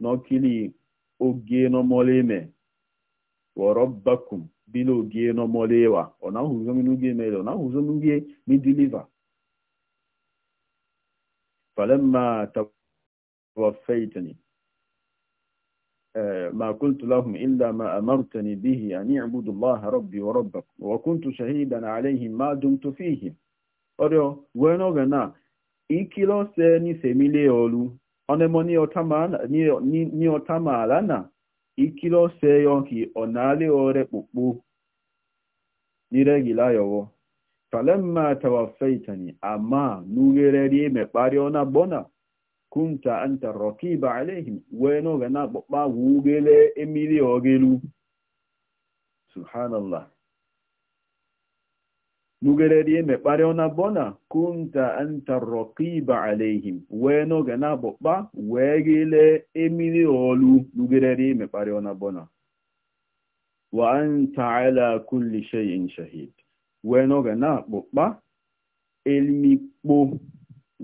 n'okili ogie n'ọmọlime wọrọbakum bila ogie n'ọmọliwa ọ na-ahụzọ n'oge mere ọ na-ahụzọ n'oge midiliva فلما توفيتني ما قلت لهم إلا ما أمرتني به أن يعبدوا الله ربي وربكم وكنت شهيدا عليهم ما دمت فيهم ọ̀rọ̀ wẹ́nà ọ̀gànà ìkìlọ̀ ṣe ní sèmílẹ̀ ọ̀lú ọ̀nẹ́mọ ní ọ̀tá máa lánà ìkìlọ̀ ṣe yọ̀nkì ọ̀nà alẹ́ ọ̀rẹ́ pòpó nírẹ́gì láyọ̀wọ́ فلما توفيتني أما نغيري مقاريونا بنا كنت أنت الرقيب عليهم وينو غنا بقبا وغيلي إميلي وغيلو سبحان الله نغيري مقاريونا بنا كنت أنت الرقيب عليهم وينو غنا بقبا وغيلي إميلي وغيلو نغيري مقاريونا بنا وأنت على كل شيء شهيد wee n'oge na-akpụkpa elimikpo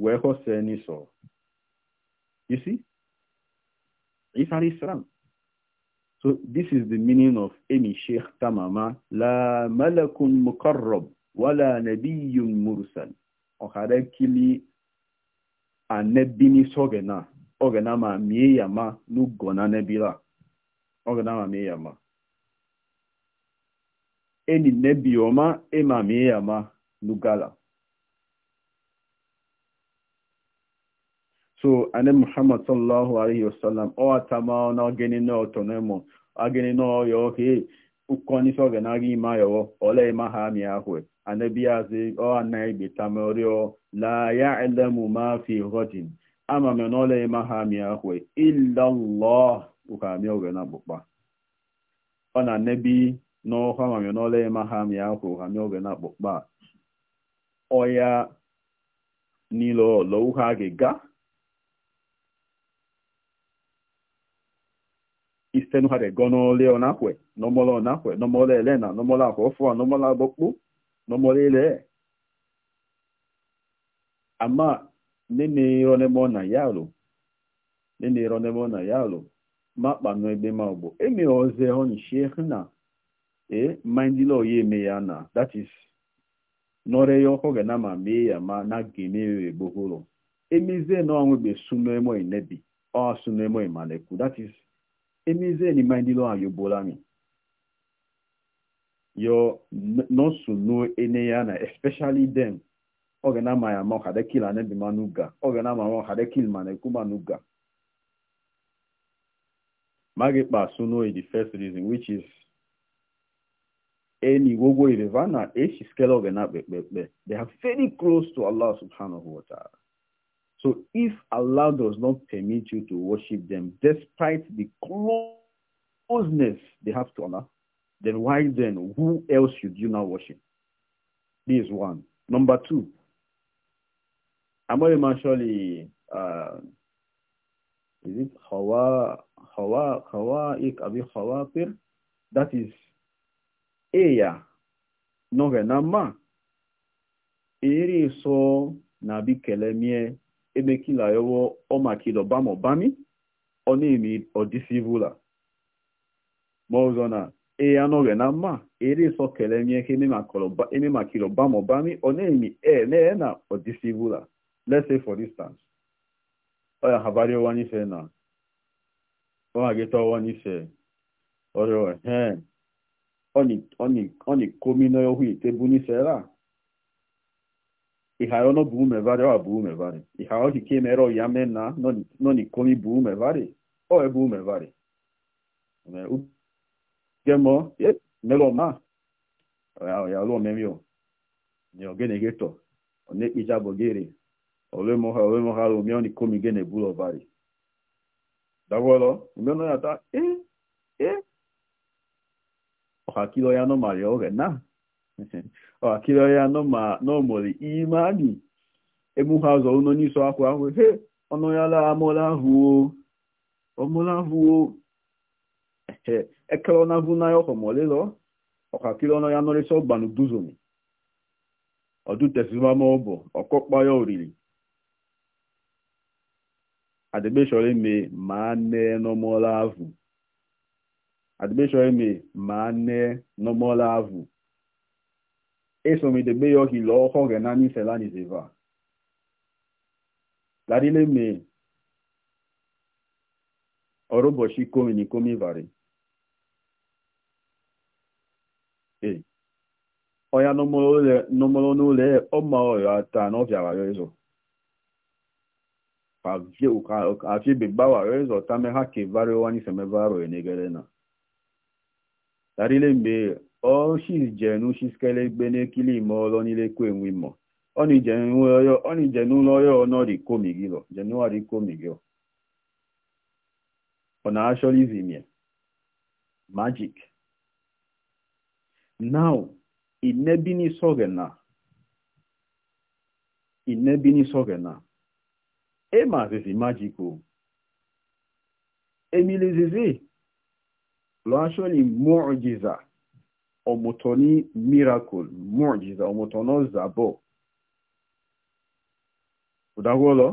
wee hose n'iso you see isa islam so this is the meaning of any sheikh tamama la malakun mukarrab wala nabiyyun mursal ọkara kili anebi n'isi oge na oge na ma mie ya ma n'ugona nebila oge na ma mie ya ma eni nebioma emamieyama ọma so ane muhammad sallallahu alaihi wasallam o atama na ogeni na otonemo ageni na oyo so na gi ma yo ole ma ha mi ahwe anabi azi o ana igbe tamorio la ya'lamu ma fi ghadin ama me no le ma ha mi ahwe illa allah na ona n'ọha mamịa n'ọla ya maha amị akwụ ha mị oge na-akpọkpa ọya niile ọlọ uha agịga istenu ha rego n'ọla ọnakwe n'ọmọla ọnakwe n'ọmọla elena n'ọmọla akwọfọ n'ọmọla agbọkpụ n'ọmọla ele ama nene ironemo na yalo nene ironemo na yalo ma kpanụ egbe ma ọ bụ eme ọzọ ọ ni na. ee eh, mindila oya eme ya na that is nọrọ ya ọkụ ga na ma mee ya ma na ga-emewe e e gbohoro emizie na ọnwegbe sunemo inebi e ọ sunemo imaleku that is emizie ni mindilo ayobolami yo nọsunuo ene ya na especially them ọ ga na ma ya ma ọkadekil anebi manuga ọ ga na ma ma ọkadekil maneku manuga magi suno sunuo the first reason which is any wogo irevana eshi eh, skelog eh, eh, They are very close to Allah subhanahu wa ta'ala. So if Allah does not permit you to worship them, despite the closeness they have to Allah, then why then, who else should you now worship? This is one. Number two, Amoy Mashali, uh, is it Hawa, Hawa, Hawa, Ik Abi Hawapir? That is eya noge na mma iri so na bi bikele mie emekila yowo omakilo bamo bami onemi odisivula ma ọzọ na eya noge na mma iri so kele mie ka ememakilo bamo bami onemi e na e na odisivula let's say for instance oya habari owa n'ife na ọ ma gị tọwa n'ife ọrịa ehe onye komino yohu itebuni sera iharo no bu mevare o bu mevare iharo ki kemero yamena no na ni komi bu mevare ọ e bu mevare me u gemo ye melo ma ya ya lo memio ni ogene geto one pija bogere ole mo ha ole mo ha lo mi oni komi gene bulo bari dawolo meno ya ta ee eh, ee. Eh, ojo aquilo ya no maior na o aquilo ya no ma no mori imani emuhazo uno niso akwa ahụ he ọnụ ya la amola huo omola huo ekele ọna vu na ya ọkọmọlelo ọkakiri ọnụ ya nọrịsị ọgbanụ duzomi ọdụtesivama ọkọkpa ya oriri adebeshọrọ eme ma nne ahụ adibeshoemi ma ne nomolavu e esomidegbe ya ohile ọhọ genani selani ziva ladile me ọrụ ụbọchị komi na ikomi vari ee ọya nomolo n'ụlọ ọma ọya ta na ọbịara ya e, ịzụ afie ụka afie bigbawa ya ịzụ e, ta me ha ke vari wani semevaro enegere na tarile mgbe oshijenushiskele gbe n'ekili ime ọlọ n'ile kwe enwe mọ ọnije n'ụlọ ọya ọnọdụ komigilo januari komigilo ọ na-achọlizim ya magic now inebini sogena inebini sogena ema zizi magic o emilizizi lọ́ṣọ́lì mọ́ọ̀jìzà ọmọtọ̀ ní miracle mọ́ọ̀jìzà ọmọtọ̀ náà zàbọ̀ ụdagwọlọ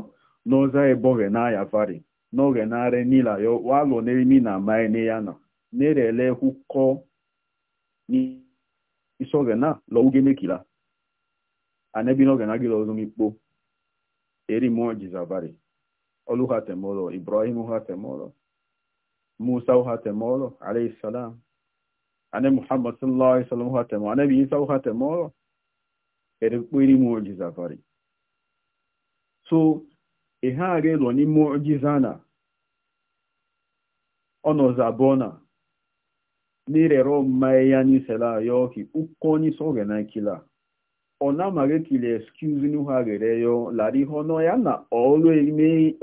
n'ọza eboghe n'aya fari n'oge narị na maene ya na nerele kwụkọ na lọwuge mekila anebi n'oge na gịla ọzọ mikpo eri mọ́ọ̀jìzà bari ha ibrahim ha musa uhatemolo alayhi salam ane muhammad sallallahu alaihi wasallam uhatemolo ane isa uhatemolo ere kwiri muujiza fari so ihe a ga-elo ni muujiza na ọnọza bona n'irere ọmụma ya n'isela ya ọkị ụkọ onye isi oge na nkila ọ na-amaghịkiri excuse n'uha rere yo lara ihe ọnụ ya na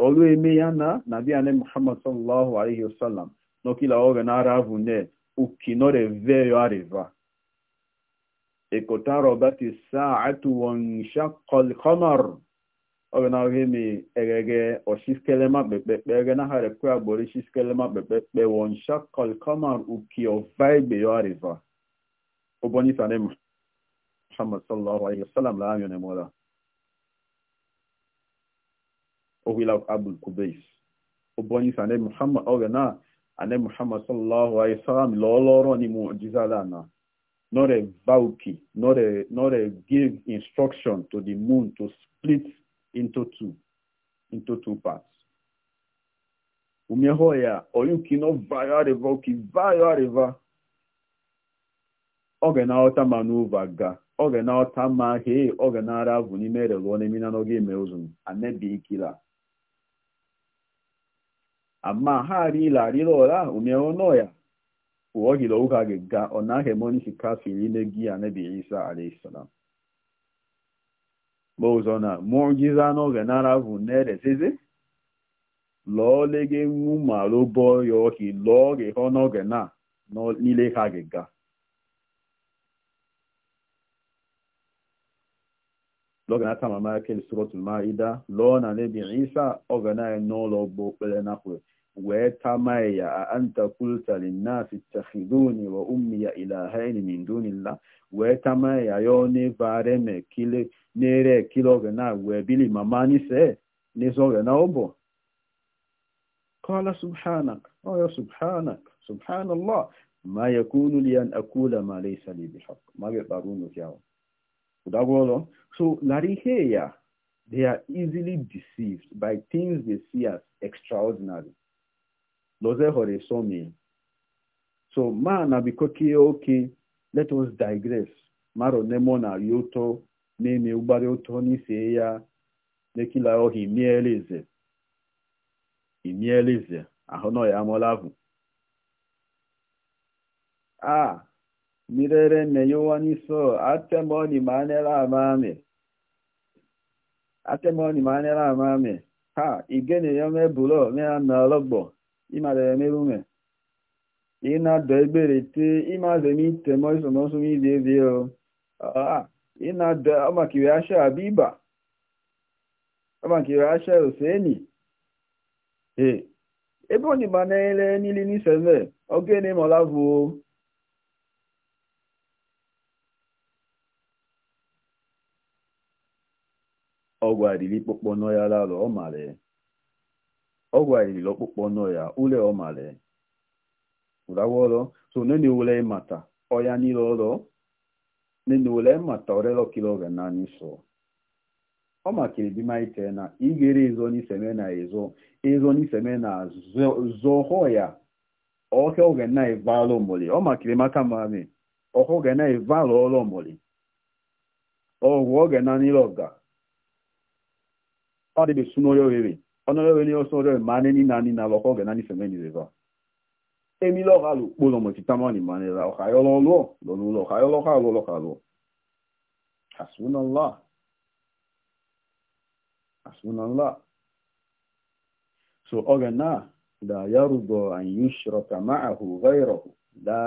ọrụ eme ya na nabiane muhammad sallallahu alaihi wasallam n'okila ọrịa n'ara ahụ ne ukinore veyo ariva اقتربت الساعة وانشق القمر ọgana ohemi egege oshiskelema pepepe egena harekwe agbori shiskelema pepepe wonshakol kamar uki ovaibe yo ariva obonisa ne Muhammad sallallahu alayhi wa sallam la Abul Kubais. sa ne Muhammad ane Muhammad sallallahu alayhi wa sallam ni mujiza Not a vauki, not a, not a give instruction to the moon to split into two, into two parts. Umehoya, oyuki no vaya reva, oki vaya reva. Ogana ota manuva Vaga. oge na ọta mma he oge na ara bụ n'ime relo n'emina n'oge ime ụzụ anebi ama ha rila rila ọla umeo n'ọya uogilo ụka ga ọ naghị eme onyeisi kafiri negi anebi isa alayhisalam ma ụzọ na mụọ mụjiza n'oge na ara bụ n'erezizi lọọ lege nwụ ma lụbọ ya ọhị lọọ gị hụ n'oge na n'ile ha gị lọ́gànà tàmà máa kéde sọ́rọ́tù máa ìdá lọ́ọ̀nà níbi ìsà ọ̀gànà ẹ̀nọ́ọ̀lọ́ gbọ́ pẹ̀lẹ́ náà wẹ́ ta máa yà á ń ta kúlùtà lè náà fi tàkìdóni wà umi ya ìlàhà ẹni mìndóni la wẹ́ ta máa yà yọ ní vaare mẹ́ kílé nẹ́rẹ́ kílọ̀ ọ̀gànà wẹ́ bílì màmá ní sẹ́ ní sọ̀gànà ó bọ̀. kọ́lá subhanak ọ̀yọ́ subhanak subhanallah ma yakunu li an akula ma laysa li bihaq ma bi barunu kyawu Udagwolo. So ya they are easily deceived by things they see as extraordinary. Loze horesomi. So ma na bikoki oke, let us digress. Maro nemo na yoto, neme ubare oto ni seya, nekila o Elize Himieleze. Ahono ya molavu. Ah, mirere nne ya ụwa n'iso atemoni ma anere amami atemoni ma anere amami ha igene ya mebulo me ha na ọlọgbọ ịmarere merume ịna-adọ egbere te ịmazemi temo isonosum izi ezi o ịna-adọ ah, ah, ọmakiri asha abiba ọmakiri asha oseni ee eh, ebe onye ma na-ele n'ili n'iseme oge na-emọla vuo ọgwariri ikpokpo nọ ya lara ọ ọgwariri ọkpụkpọ nọ ya ule ọmale ụrawọrọ so nene wele mata ọya niile ọrụ nene wele mata ọrịrọ kiri ọga naanị sọ ọ makiri bimaite na igere ezo n'iseme na ezo ezo n'iseme na zọhọ ya ọhịa oge na-evalụ mụli ọ makiri maka mami ọhịa oge na-evalụ ọrụ mụli ọgwụ oge na n'ile ọga ọ dịbe sunoyo rere ọnọrọ ni ọsọ rẹ ma ní nínà nínà lọkọ ọgẹ náà nífẹ̀ẹ́ mẹ́rin rẹ̀fà èmi lọ́ọ̀ká ló pọ̀ lọ́mọ títà mọ́ ní manira ọ̀ká yọ lọ́ọ̀lọ́ lọ́nu lọ́ọ̀ká yọ lọ́ọ̀ká lọ́ lọ́ọ̀ká lọ́ àsúnàlá àsúnàlá so ọgẹ náà da yarubọ àyín ṣọ̀rọ̀kà máa hù gáyọ̀rọ̀ da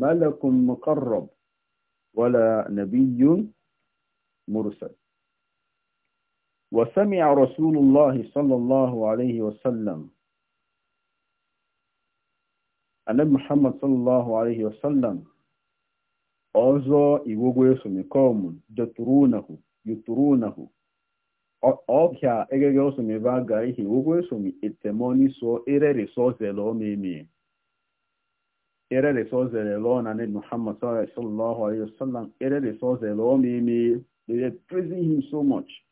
malakun mukarrab wala nabiyun mursal وسمع رسول الله صلى الله عليه وسلم Ànábì Muhammad sallallahu alaihi wasallam ọzọ iwogo eso mikom joturunahu yuturunahu ọbịa egege osomibe aga ihe iwogo eso mi etemoni so erere sozele omemie erere sozele lo na Ànábì Muhammad sallallahu alaihi wasallam erere sozele omemie they are praising him so much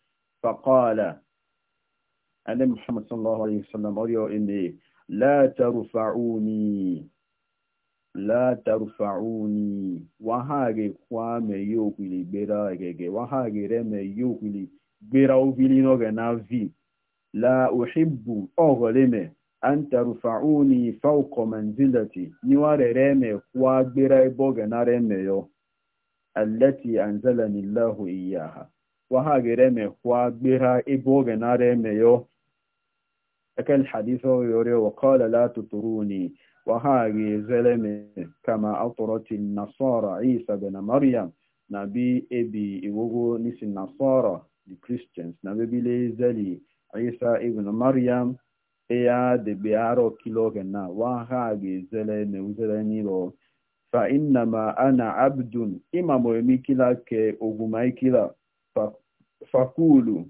فقال أن محمد صلى الله عليه وسلم أريد إني لا ترفعوني لا ترفعوني وهاجي قام يوكلي براجي وهاجي رم يوكلي براو فيلينو نافي لا أحب أغلمه أن ترفعوني فوق منزلتي نوار رم قوى براي بوغنا رم يو التي أنزلني الله إياها وها غيرمي خوا بها إبوغ نارمي يو أكل الحديث يوري وقال لا تطروني وها غيزلمي كما أطرت النصارى عيسى بن مريم نبي إبي إبوغو نسي النصارى the Christians نبي بليزلي عيسى ابن مريم إيا دبيارو كيلوغنا وها غيزلمي وزلمي فإنما أنا عبد إما مهمي كلا كي أغمي كلا fakulu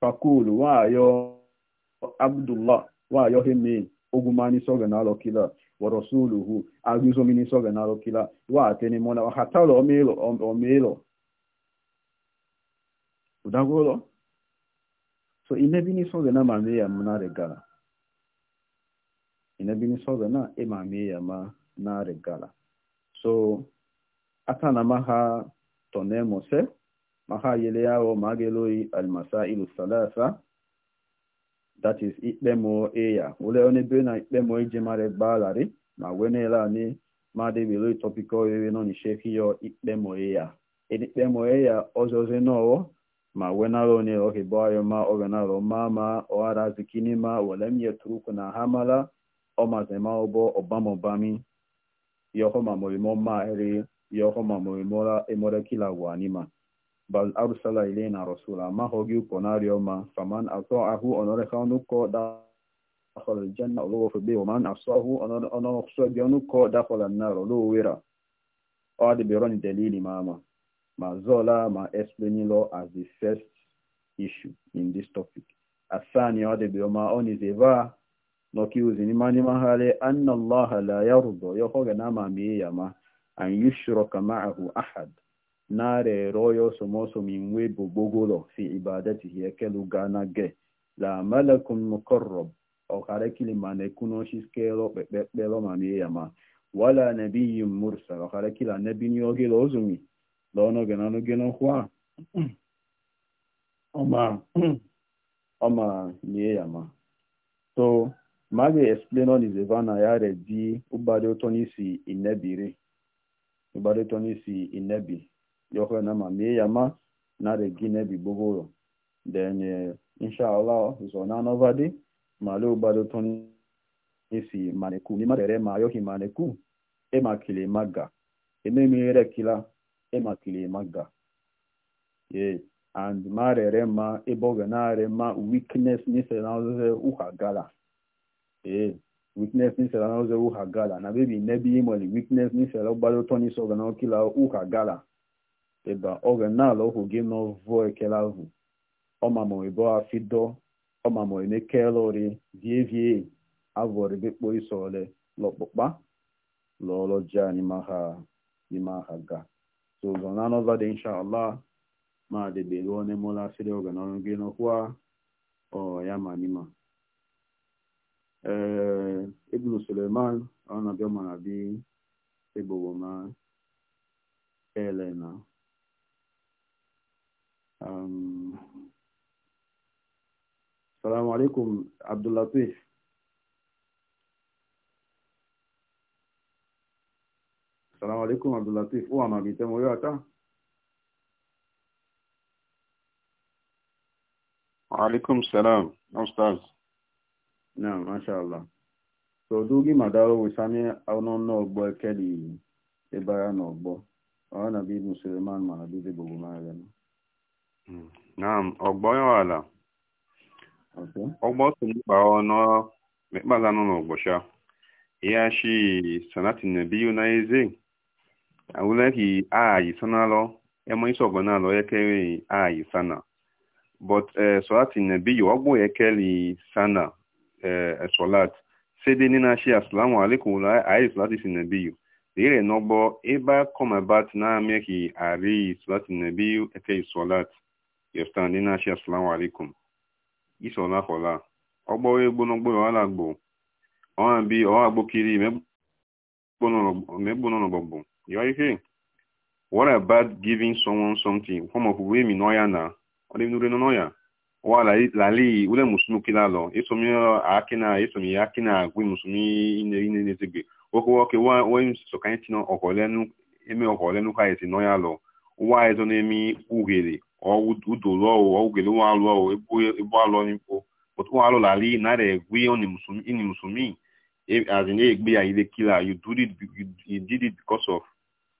fakulu wayo abdullah wayo himi ogumani soga na alokila wa rasuluhu aguzo mini soga na alokila wa ateni mona wa hatalo omelo omelo udagolo so inebini soga na mame ya mna regala inebini soga na emame ya ma na regala so atana tonemose maha yele yawo mageloi almasailu salasa that is ikpe mo eya wole one be na ikpe mo ije mare gbalari ma wenela ani ma debilo topiko wewe no ni sheki yo ikpe mo eya ikpe mo eya ozoze nowo ma wenalo ni ohi boyo ma ogenalo mama o arazikini ma wolem yetruku na hamala o mazema obo obamo bami yoho ma mo mo ma eri yoho ma mo la emore kila بل أرسل إلينا رسولا ما هو جيو كوناريو ما فمن أطاعه أنور خانو كو داخل الجنة ولو في بيو من أصاه أنور خسو بيانو كو داخل النار ولو ويرا أعد بيرون دليل ماما ما زولا ما أسبني لو as the first issue in this topic الثاني أعد بيو ما أوني زيفا نوكيو زيني ما أن الله لا يرضو يخوغ ناما ميي ما أن يشرك معه أحد nare royo somoso minwe bogogolo fi ibadatihi ekelugana ge la malakun mukarrab na kilimane kunoshiskelo kpekpekpelo mamiyama wala nabiyun mursal okare kila nebi ni ogelo ozumi lọnụ ọma mie ya ma so magi explain on is ya redi ụgbadị ụtọ n'isi inebi inebi yohe na ma mee ya ma narị gine bigbogoro denye eh, inshallah zọ na anọvadi male ụgbadotọ n'isi maneku n'imadere ma yohi maneku emakili maga ememere kila emakili maga yeah. and marere ma eboge e nare ma weakness nise na ozoze uha gala yeah. weakness nise na ozoze uha gala na bebi nebi imoli weakness nise na ụgbadotọ n'isi oge na okila uha gala eba oge nala ohu gị n'ọvụ ekele ahụ ọmamo ebo afido ọmamo emekele ori vievie avụrigekpo isole lọkpụkpa lọlọja n'imaha n'imaha ga so ụzọ na anọva dị inshallah ma debere onye mụla siri oge n'ọrụ gị n'ọkwa ọ ya ma n'ima ee ibn suleiman ọ na-abịa ma e na bi egbowoma elena Um, Salaam alaikum, Abdullatif. Salaam alaikum, Abdullatif. Ó àmà bí tẹ́mọ yóò àtá. Alaikum salam, Ustaz. Naam, mashallah. So, dugi madaro wisani aunon no gbo ekeli ibara no gbo. Ọ̀rọ̀ nàbí Musulman ma nàbí gbogbo máa lẹ́nu. naam ọgbọyọala ọgbọ tumba ọnọ mekpazanụ n'ụgbọcha ya shi sanatin na biyu na eze awulaki ayi sanalo emo isi ọgbọnalo ekere ayi sana but na biyu ọgbọ ekeli sana solat sede nina shi asalamu alaikum ayi salati si na biyu ire n'ọgbọ ebe a kọmabat na-amịa ka ari salati na biyu eke yoftandi na-achị asalamu alaikum isola fola ọgbawa egbo n'ọgbọrọ ala gbo ọha bi ọha agbokiri megbono n'ọgbọgbọ yọ ihe what about giving someone something form of wey mi n'ọya na ọdịnure n'ọya wa lali ule musulmi kila lọ isomi akina isomi akina agwe musulmi ine ine n'ezigbe oke woke wa wey sọkanyị tinọ ọkọlenu eme ọkọlenu ha esi n'ọya lọ wa ezo na-emi ughere udo lɔwo ɔwugele wa lɔwo ebo ebo alɔ nipo but wa lɔ lali na de gbe oni musumi ini musumi as in egbe ya ile kila you do it you did it because of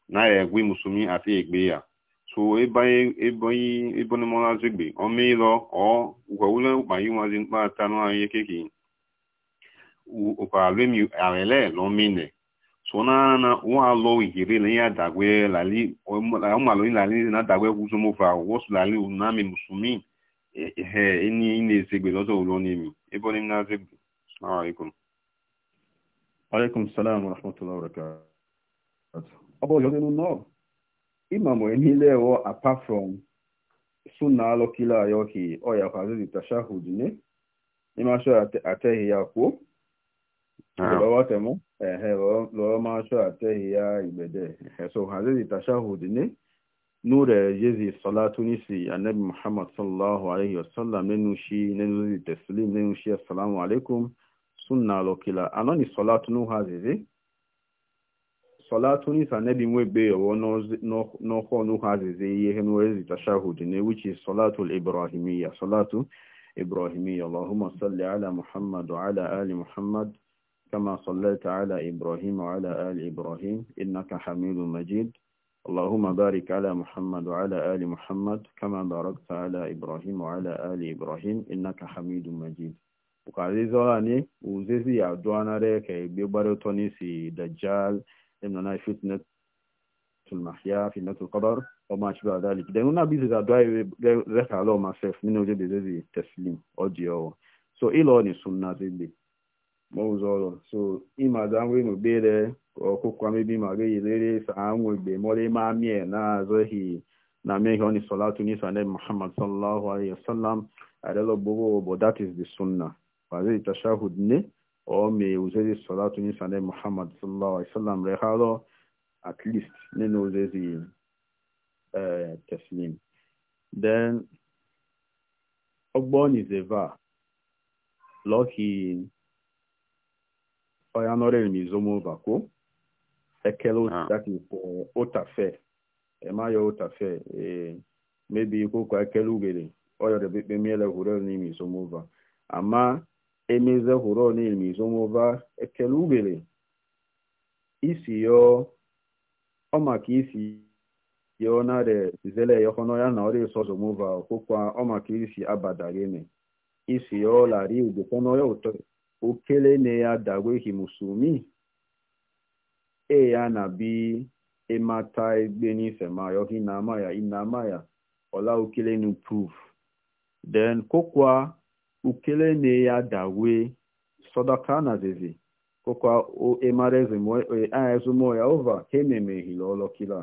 na de gbe musumi ati egbe ya so ebanye ebanye ebonimola zegbe ɔmi lɔ ɔ ugawule ubanyi wa zi nkpa atanu anyi keke ukpa arele lɔmi ne. sona na wa lo ihire ya dagwe lali e-, eh, o ni lali na dagwe ku so mo fa wo su lali u na mi musumi ehe ini ini lozo ni mi na se assalamu alaikum alaikum salam wa rahmatullahi wa barakatuh yo no imamo eni le apart from sunna yo ki o ya kwa zi tashahud ima sho ate ya ko lọ́wọ́ tẹ̀mú ẹ̀hẹ́ lọ́wọ́ máa ṣọ́ àtẹ́hìyá ìgbẹ̀dẹ̀ ẹ̀ṣọ́ hazẹ́dì tàṣáhùdì ní nú rẹ̀ yézi sọlá túnísì anabi muhammad sallallahu alayhi wa sallam nínú sí nínú sí tẹ̀sílìm nínú sí assalamu alaikum sunna lọ́kìlá àná ni sọlá túnú hazẹ́dì sọlá túnísì anabi mú ẹgbẹ́ ọwọ́ nọ́kọ́ nú hazẹ́dì iye hẹ́nu yézi tàṣáhùdì ní which is sọlá tún ibrahimiyya sọlá tún ibrahimiyya allahumma salli ala muhammad wa ala ali muhammad كما صليت على إبراهيم وعلى آل إبراهيم إنك حميد مجيد اللهم بارك على محمد وعلى آل محمد كما باركت على إبراهيم وعلى آل إبراهيم إنك حميد مجيد وقال ni وزيزي ya ريك ke bibare دجال si dajjal imna fitnat المحيا فتنة القدر وما أشبه ذلك لأنه نبي إذا دعي ريك الله ما سيف من وجد ذي تسليم أو so إلى أن السنة ذي ma ụzọ ọrụ so ịmaza nwe mgbere ọkụkọ mebi ma ga yelere saa nwe gbe mọrị ma mie na azọhi na mehi oni salatu ni sane muhammad sallallahu alaihi wasallam adelo bobo bo that is the sunnah faze tashahud ne o me uzezi salatu ni sane muhammad sallallahu alaihi wasallam rehalo at least ne na uzezi Teslim taslim then ogbon is eva lucky Ah. Eh, olha eh, eh, e na hora ele zomo vaco é que ele está aqui por outra fé é maior outra fé e maybe eu coloco aquele lugar olha de bem me ama emeze hurou nem me ekele va isi yọ ọ maka isi yọ ọ narị zele ya ọhụrụ ya na ọrịa sọzọ mụva ọkwụkwa ọ maka isi abada gịnị isi yọ ọ larị ugbo kwanụ ya ụtọ okele na ya dagwehi musumi e ya na bi emata egbe n'ife ma yohi na ama ya ina ama ya ọla okele nu proof den kokwa ukele na ya dagwe sodaka na zezi kokwa o emara e, ezumo ya ova ka ememehila ọlọkila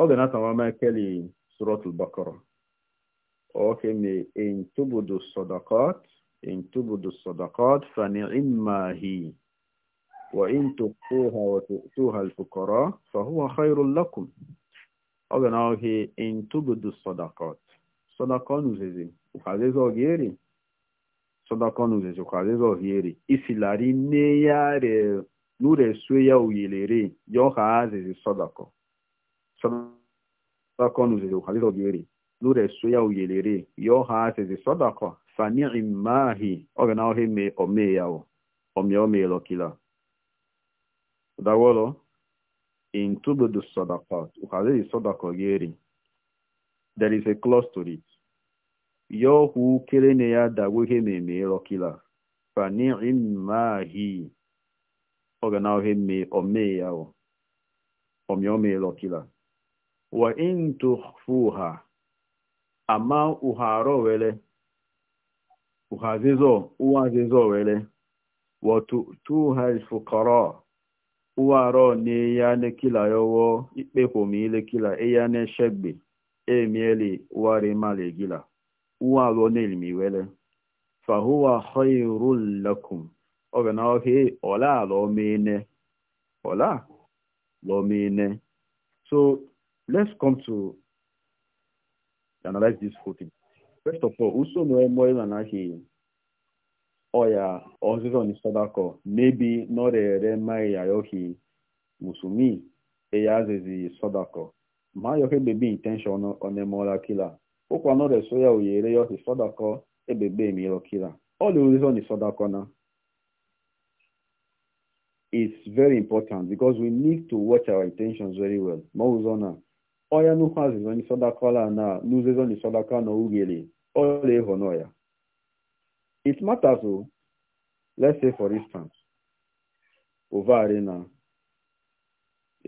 ọ ga natawama ekeli suratul bakara ọ ntobodo sodakot إن تبدوا الصدقات فنعماه وإن تقوها وتؤتوها الفقراء فهو خير لكم هي إن تبدوا الصدقات صدقة نزيزي وخذيز أغيري صدقة نزيزي وخذيز أغيري إسلاري نياري نور سويا ويليري يوخا عزيزي صدقة صدقة نزيزي وخذيز أغيري نور سويا ويليري يوخا عزيزي صدقة faniri mahi oge na ohe me ome ya o ome ome lokila dawolo in tubudu sadaqat ukhadhi sadaqa geri there is a close to it yo hu kele ne ya dawo he me me lokila faniri mahi oge na ohe me ome ya o ome ome lokila wa in tukhfuha ama uharo wele uhazizo uwazizo wele watutuha lfukara uwaro ni ya ne kila yowo ikpehomi ile kila eya ne shegbe emieli uwari male gila uwalo nelimi wele fahuwa khairul lakum ohe ola ola lomine so let's come to analyze this footage first of all usoro emoil anaghị ọya ọzụzọ ni sadakọ maybe nọrere mai yayohi musumi e eya azezi sadakọ ma yohe bebe intention onemola kila ụkwa nọre so ya oyere yohi sadakọ ebebe killer all the ụzọ ni sadakọ na It's very important because we need to watch our intentions very well. Mauzona, oya n'ụkwazị onye sọdakwala na n'uzezi onye sọdaka na ugele ọla ịhọ n'ọya it matters o let's say for instance ovari na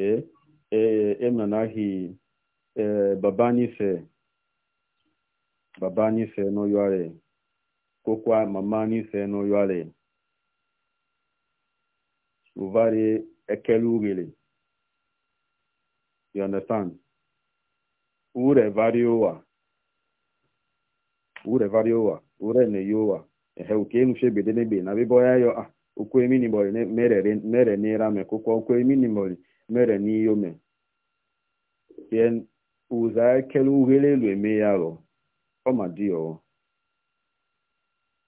e emnanahi e babanife babanife n'oyọrị kokwa mamanife n'oyọrị ovari ekele ugele you understand ure varioa ure variowa ure ne yowa ehe ukenu shebede na bibo ya yo ah ukwe mini boy ne mere mere ni rame kokwa ukwe mini boy mere ni yome yen uza kelu lu eme ya lo o ma di o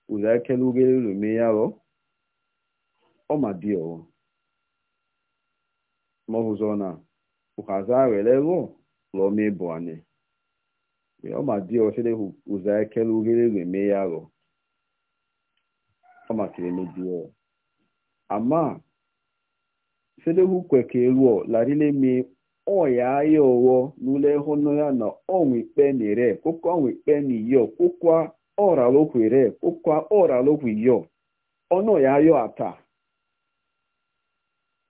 uza kelu lu eme ya lo o ma di o mo wele anyị. bụani ọma di ọsịrị ụzọ ekele ughere eme ya lọ ọmakiri medio ama sedehu kweke eluo larile eme ọya ya ọwọ n'ule hụnụ ya na ọnwa ikpe na nere kwụkwa ọnwa ikpe na n'iyo kwụkwa ọra lokwere kwụkwa ọra lokwu iyo ọnụ ya yọ ata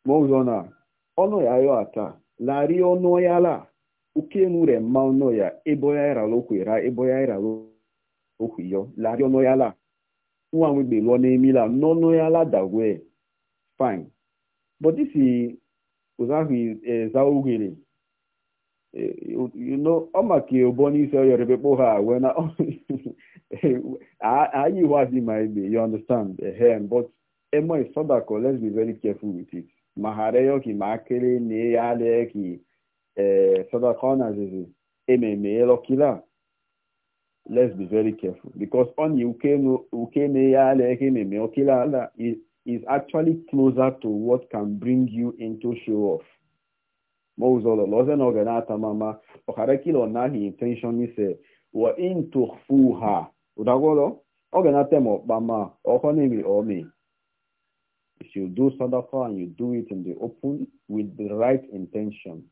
ma ụzọ na ọnụ ya yọ ata lari ọnụ ya laa ukenure mauno ya eboya era lokwera eboya era lokwiyo e lari ono ya la nwa nwegbe lụọ n'emi la n'ọnụ dagwe fine but this is ụzahụ eza eh, oghere ọ eh, maka ụbọ n'isi ọyọrọ ebe kpụ ha wee na anyị <laughs> eh, wazi ma egbe you understand ehem but emo is e sodako let's be very careful with it ma ghara ya ọkị ma akịrị na ya ala ya uh, eh, Sadaqan Azizi, Ememe Elokila. Let's be very careful because on Ukeme is is actually closer to what can bring you into show off. Mozolo lozen organata mama okarekilo nahi intention is eh, wa in tukhfuha udagolo organatemo bama okonimi omi if you do sadaqa and you do it in the open with the right intention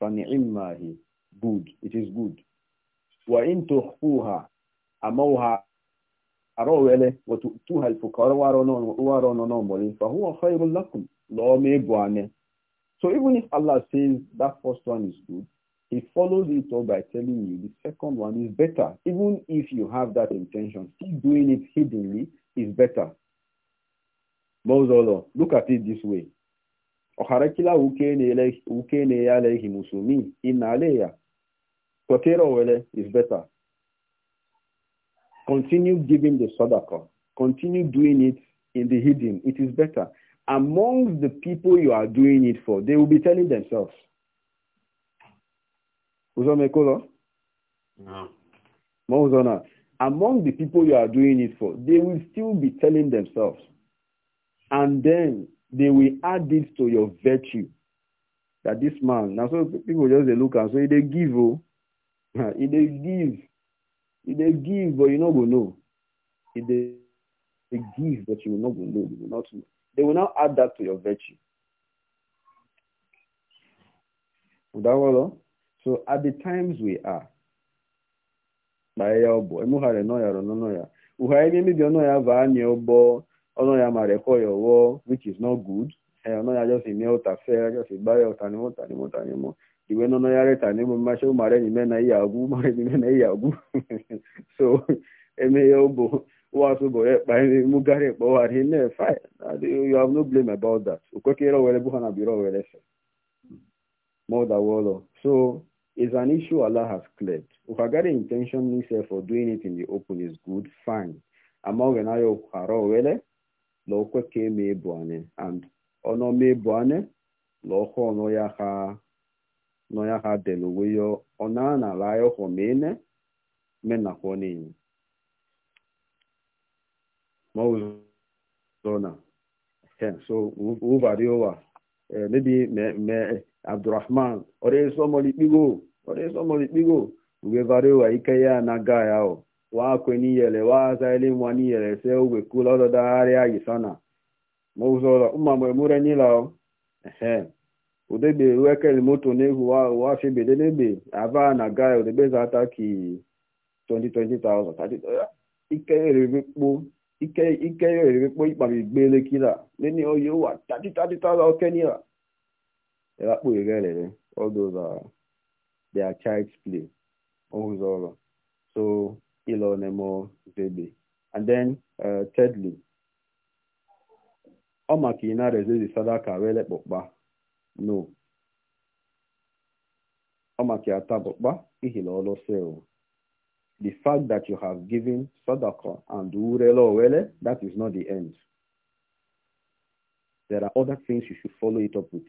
فنعمه good it is good وإن تخفوها أموها أرويله وتؤتوها الفقراء ورنونمولي فهو خير لكم لو ميبوانه So even if Allah says that first one is good, he follows it up by telling you the second one is better. Even if you have that intention, still doing it hiddenly is better. Mawzallah, look at it this way. ọ̀hara kila wuke ne ya laihi musulmi ina aleya kwatere wele is better continue giving the sadaqa. continue doing it in the hidden it is better among the people you are doing it for they will be telling themselves uzomekola no mozona among the people you are doing it for they will still be telling themselves and then they will add it to your virtue. That this man, now so people just they look and say, they give, oh, if <laughs> they give, they give, but you not go know. If they, they give, but you will not know, you will not know. They will now add that to your virtue. Oh? So at the times we are, by ya boy, Muhare no ya, no no ya. Uhaye mi bi no ya va ni obo. ọlọ́run ya máa rẹ̀kọ́ your which is not good ẹ̀ na yà just ìmí ọ̀tà fẹ́ just ìgbáyà ọ̀tà ni wọ́n tà ni wọ́n tà ni wọ́n ìwé náà yà rẹ̀ tà ni mo máa ṣe ó máa rẹ̀ ní mẹ́na máa rẹ̀ ní mẹ́na <laughs> so ẹ̀mí ya ó bò ó wá sóbò rẹ̀ pa ẹni mú gárẹ̀ pọ̀ rí fine you have no blame about that òkú kí ẹrọ wẹrẹ bùhánà bí ẹrọ wẹrẹ fẹ more an issue Allah has cleared ukagari mean say for doing it in open is good fine ọ̀gẹ̀ náà yóò na okwe ka eme ebu anyị and ọnọma ebu anyị na ọkụ ọnụ ya ha nọ ya ha delu weyo ọna na ala ya ọkụ ma ene menakwa n'enyi ma ọ zọna so wụvarị ụwa mebi me abdurrahman ọrịa esi ọmọlị ikpigo ọrịa esi ọmọlị ikpigo uwe varị ụwa ike ya na ga ya ọ wa kweniyele wa zaili mwaniyele se ugwe kula odo dahari ayi sana mauzo odo umma mwemure nila ehe udebe weke limoto nehu wa wa shebe denebe ava na gaya udebe zata ki 20,000 30 ike eribikpo ike ike eribikpo ikpami gbele kila nini oye wa 30 30,000 oke nila elakpo irelele all those are their child's play mauzo odo so ilonemo zebe and then uh, thirdly ọ maka inara ezezi sadaka wele kpọkpa no ọ maka ata kpọkpa ihila ọlụ the fact that you have given sadaka and urele owele that is not the end there are other things you should follow it up with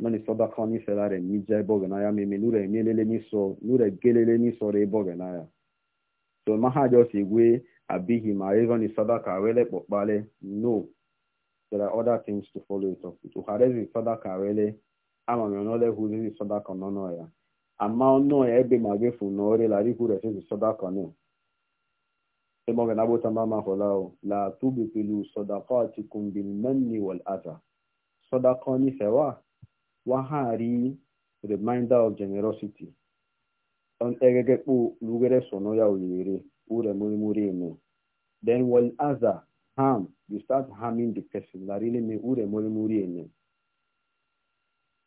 nani sadaka ni selare ni jai bogenaya mimi nure mielele ni so nure gelele ni sore bogenaya so maha just igwe abihi ma even if sadaka rele popale no there are other things to follow it up to harezi sadaka rele ama mi onole huzi sadaka nono ya ama ono ya ebe ma gefu no ore la riku re se sadaka no e mo na bota mama holao la tubi pilu sadaqatikum bil manni wal adha sadaqani sawa wa hari reminder of generosity egege kpo lugere sono ya oyere ure murimuri eme then wal aza harm you start harming the person larile me ure murimuri eme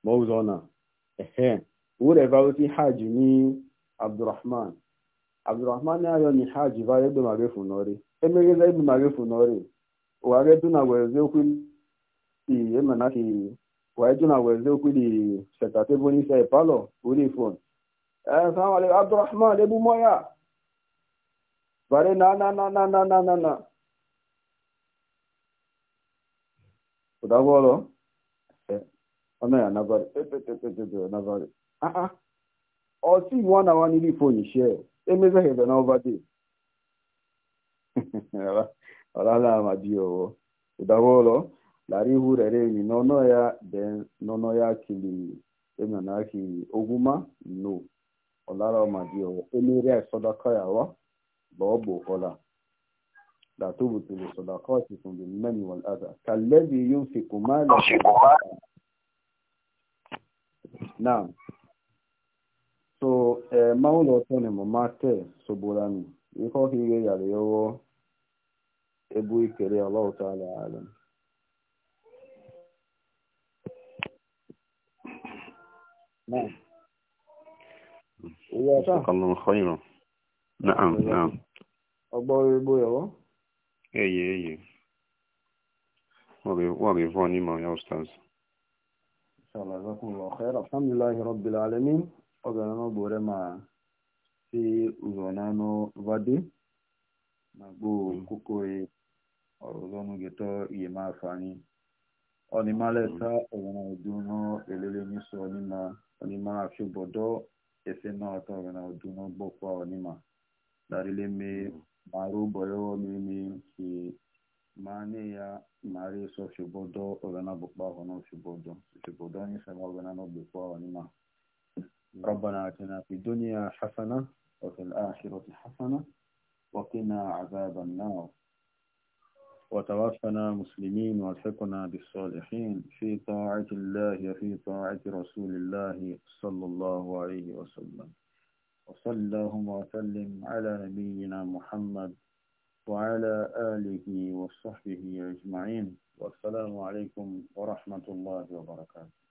ma ụzọ na ehe ure vauti hajj ni abdurrahman abdurrahman ayo ni hajj vare ebe mage funori emegheza ebe mage funori ware duna weze okwu ti emana ki ware duna weze okwu di sekatebo n'ise palọ uri fon Eh, assalamu alaikum Abdurrahman Ebu Moya. Bare na na na na na na na na. Udagolo. Ọ̀nà yà nabari. Ah ah. Eh, na wa nílí fóònù ṣe ẹ̀. Emeze na ọba dé. Ọ̀la náà mà di ọ̀wọ́. Udagolo. Lárí ihu rẹ̀ rẹ̀ yìí nọ́nọ́ ya bẹ́ẹ̀ nọ́nọ́ ya na No. ọlara ọmadi emeri sọdakọ ya bụ ọla da tubutulu sọdakọti bil mani wal adha kalladhi yunfiqu mala Na. so eh ụlọ ọtọ ni mo máa tẹ sobora mi ikọ hiwe ebu ikere ụta ala ala Jazakallahu khairan. Naam, naam. Ọgbọ́ orígbó ẹ̀wọ́. Ẹyẹ ẹyẹ. Wọ́n rí fún onímọ̀ ya ustaz. Inshallah, jazakallahu khairan. Alhamdulillahi rabbil alamin. Ọgbà náà gbòòrẹ́ máa fi ìrọ̀nà náà vádé. Nàgbó hmm. kókó e, ọ̀rọ̀ lọ́nu gẹ̀tọ́ iye máa fa ni. Ọ̀nìmálẹ̀ hmm. sá ọ̀rọ̀ ọdún náà èlélẹ́ ní sọ onímọ̀ àfihàn ese na toro na oduno gbokwa onima darile me mm. maru boyowo mi mi ki mane ya mari so shubodo ogana bokwa hono shubodo shubodo ni se ogana no gbokwa onima ربنا آتنا في الدنيا حسنة وفي الآخرة حسنة وقنا عذاب النار وتوفنا مسلمين والحقنا بالصالحين في طاعة الله وفي طاعة رسول الله صلى الله عليه وسلم وصلى اللهم وسلم على نبينا محمد وعلى آله وصحبه أجمعين والسلام عليكم ورحمة الله وبركاته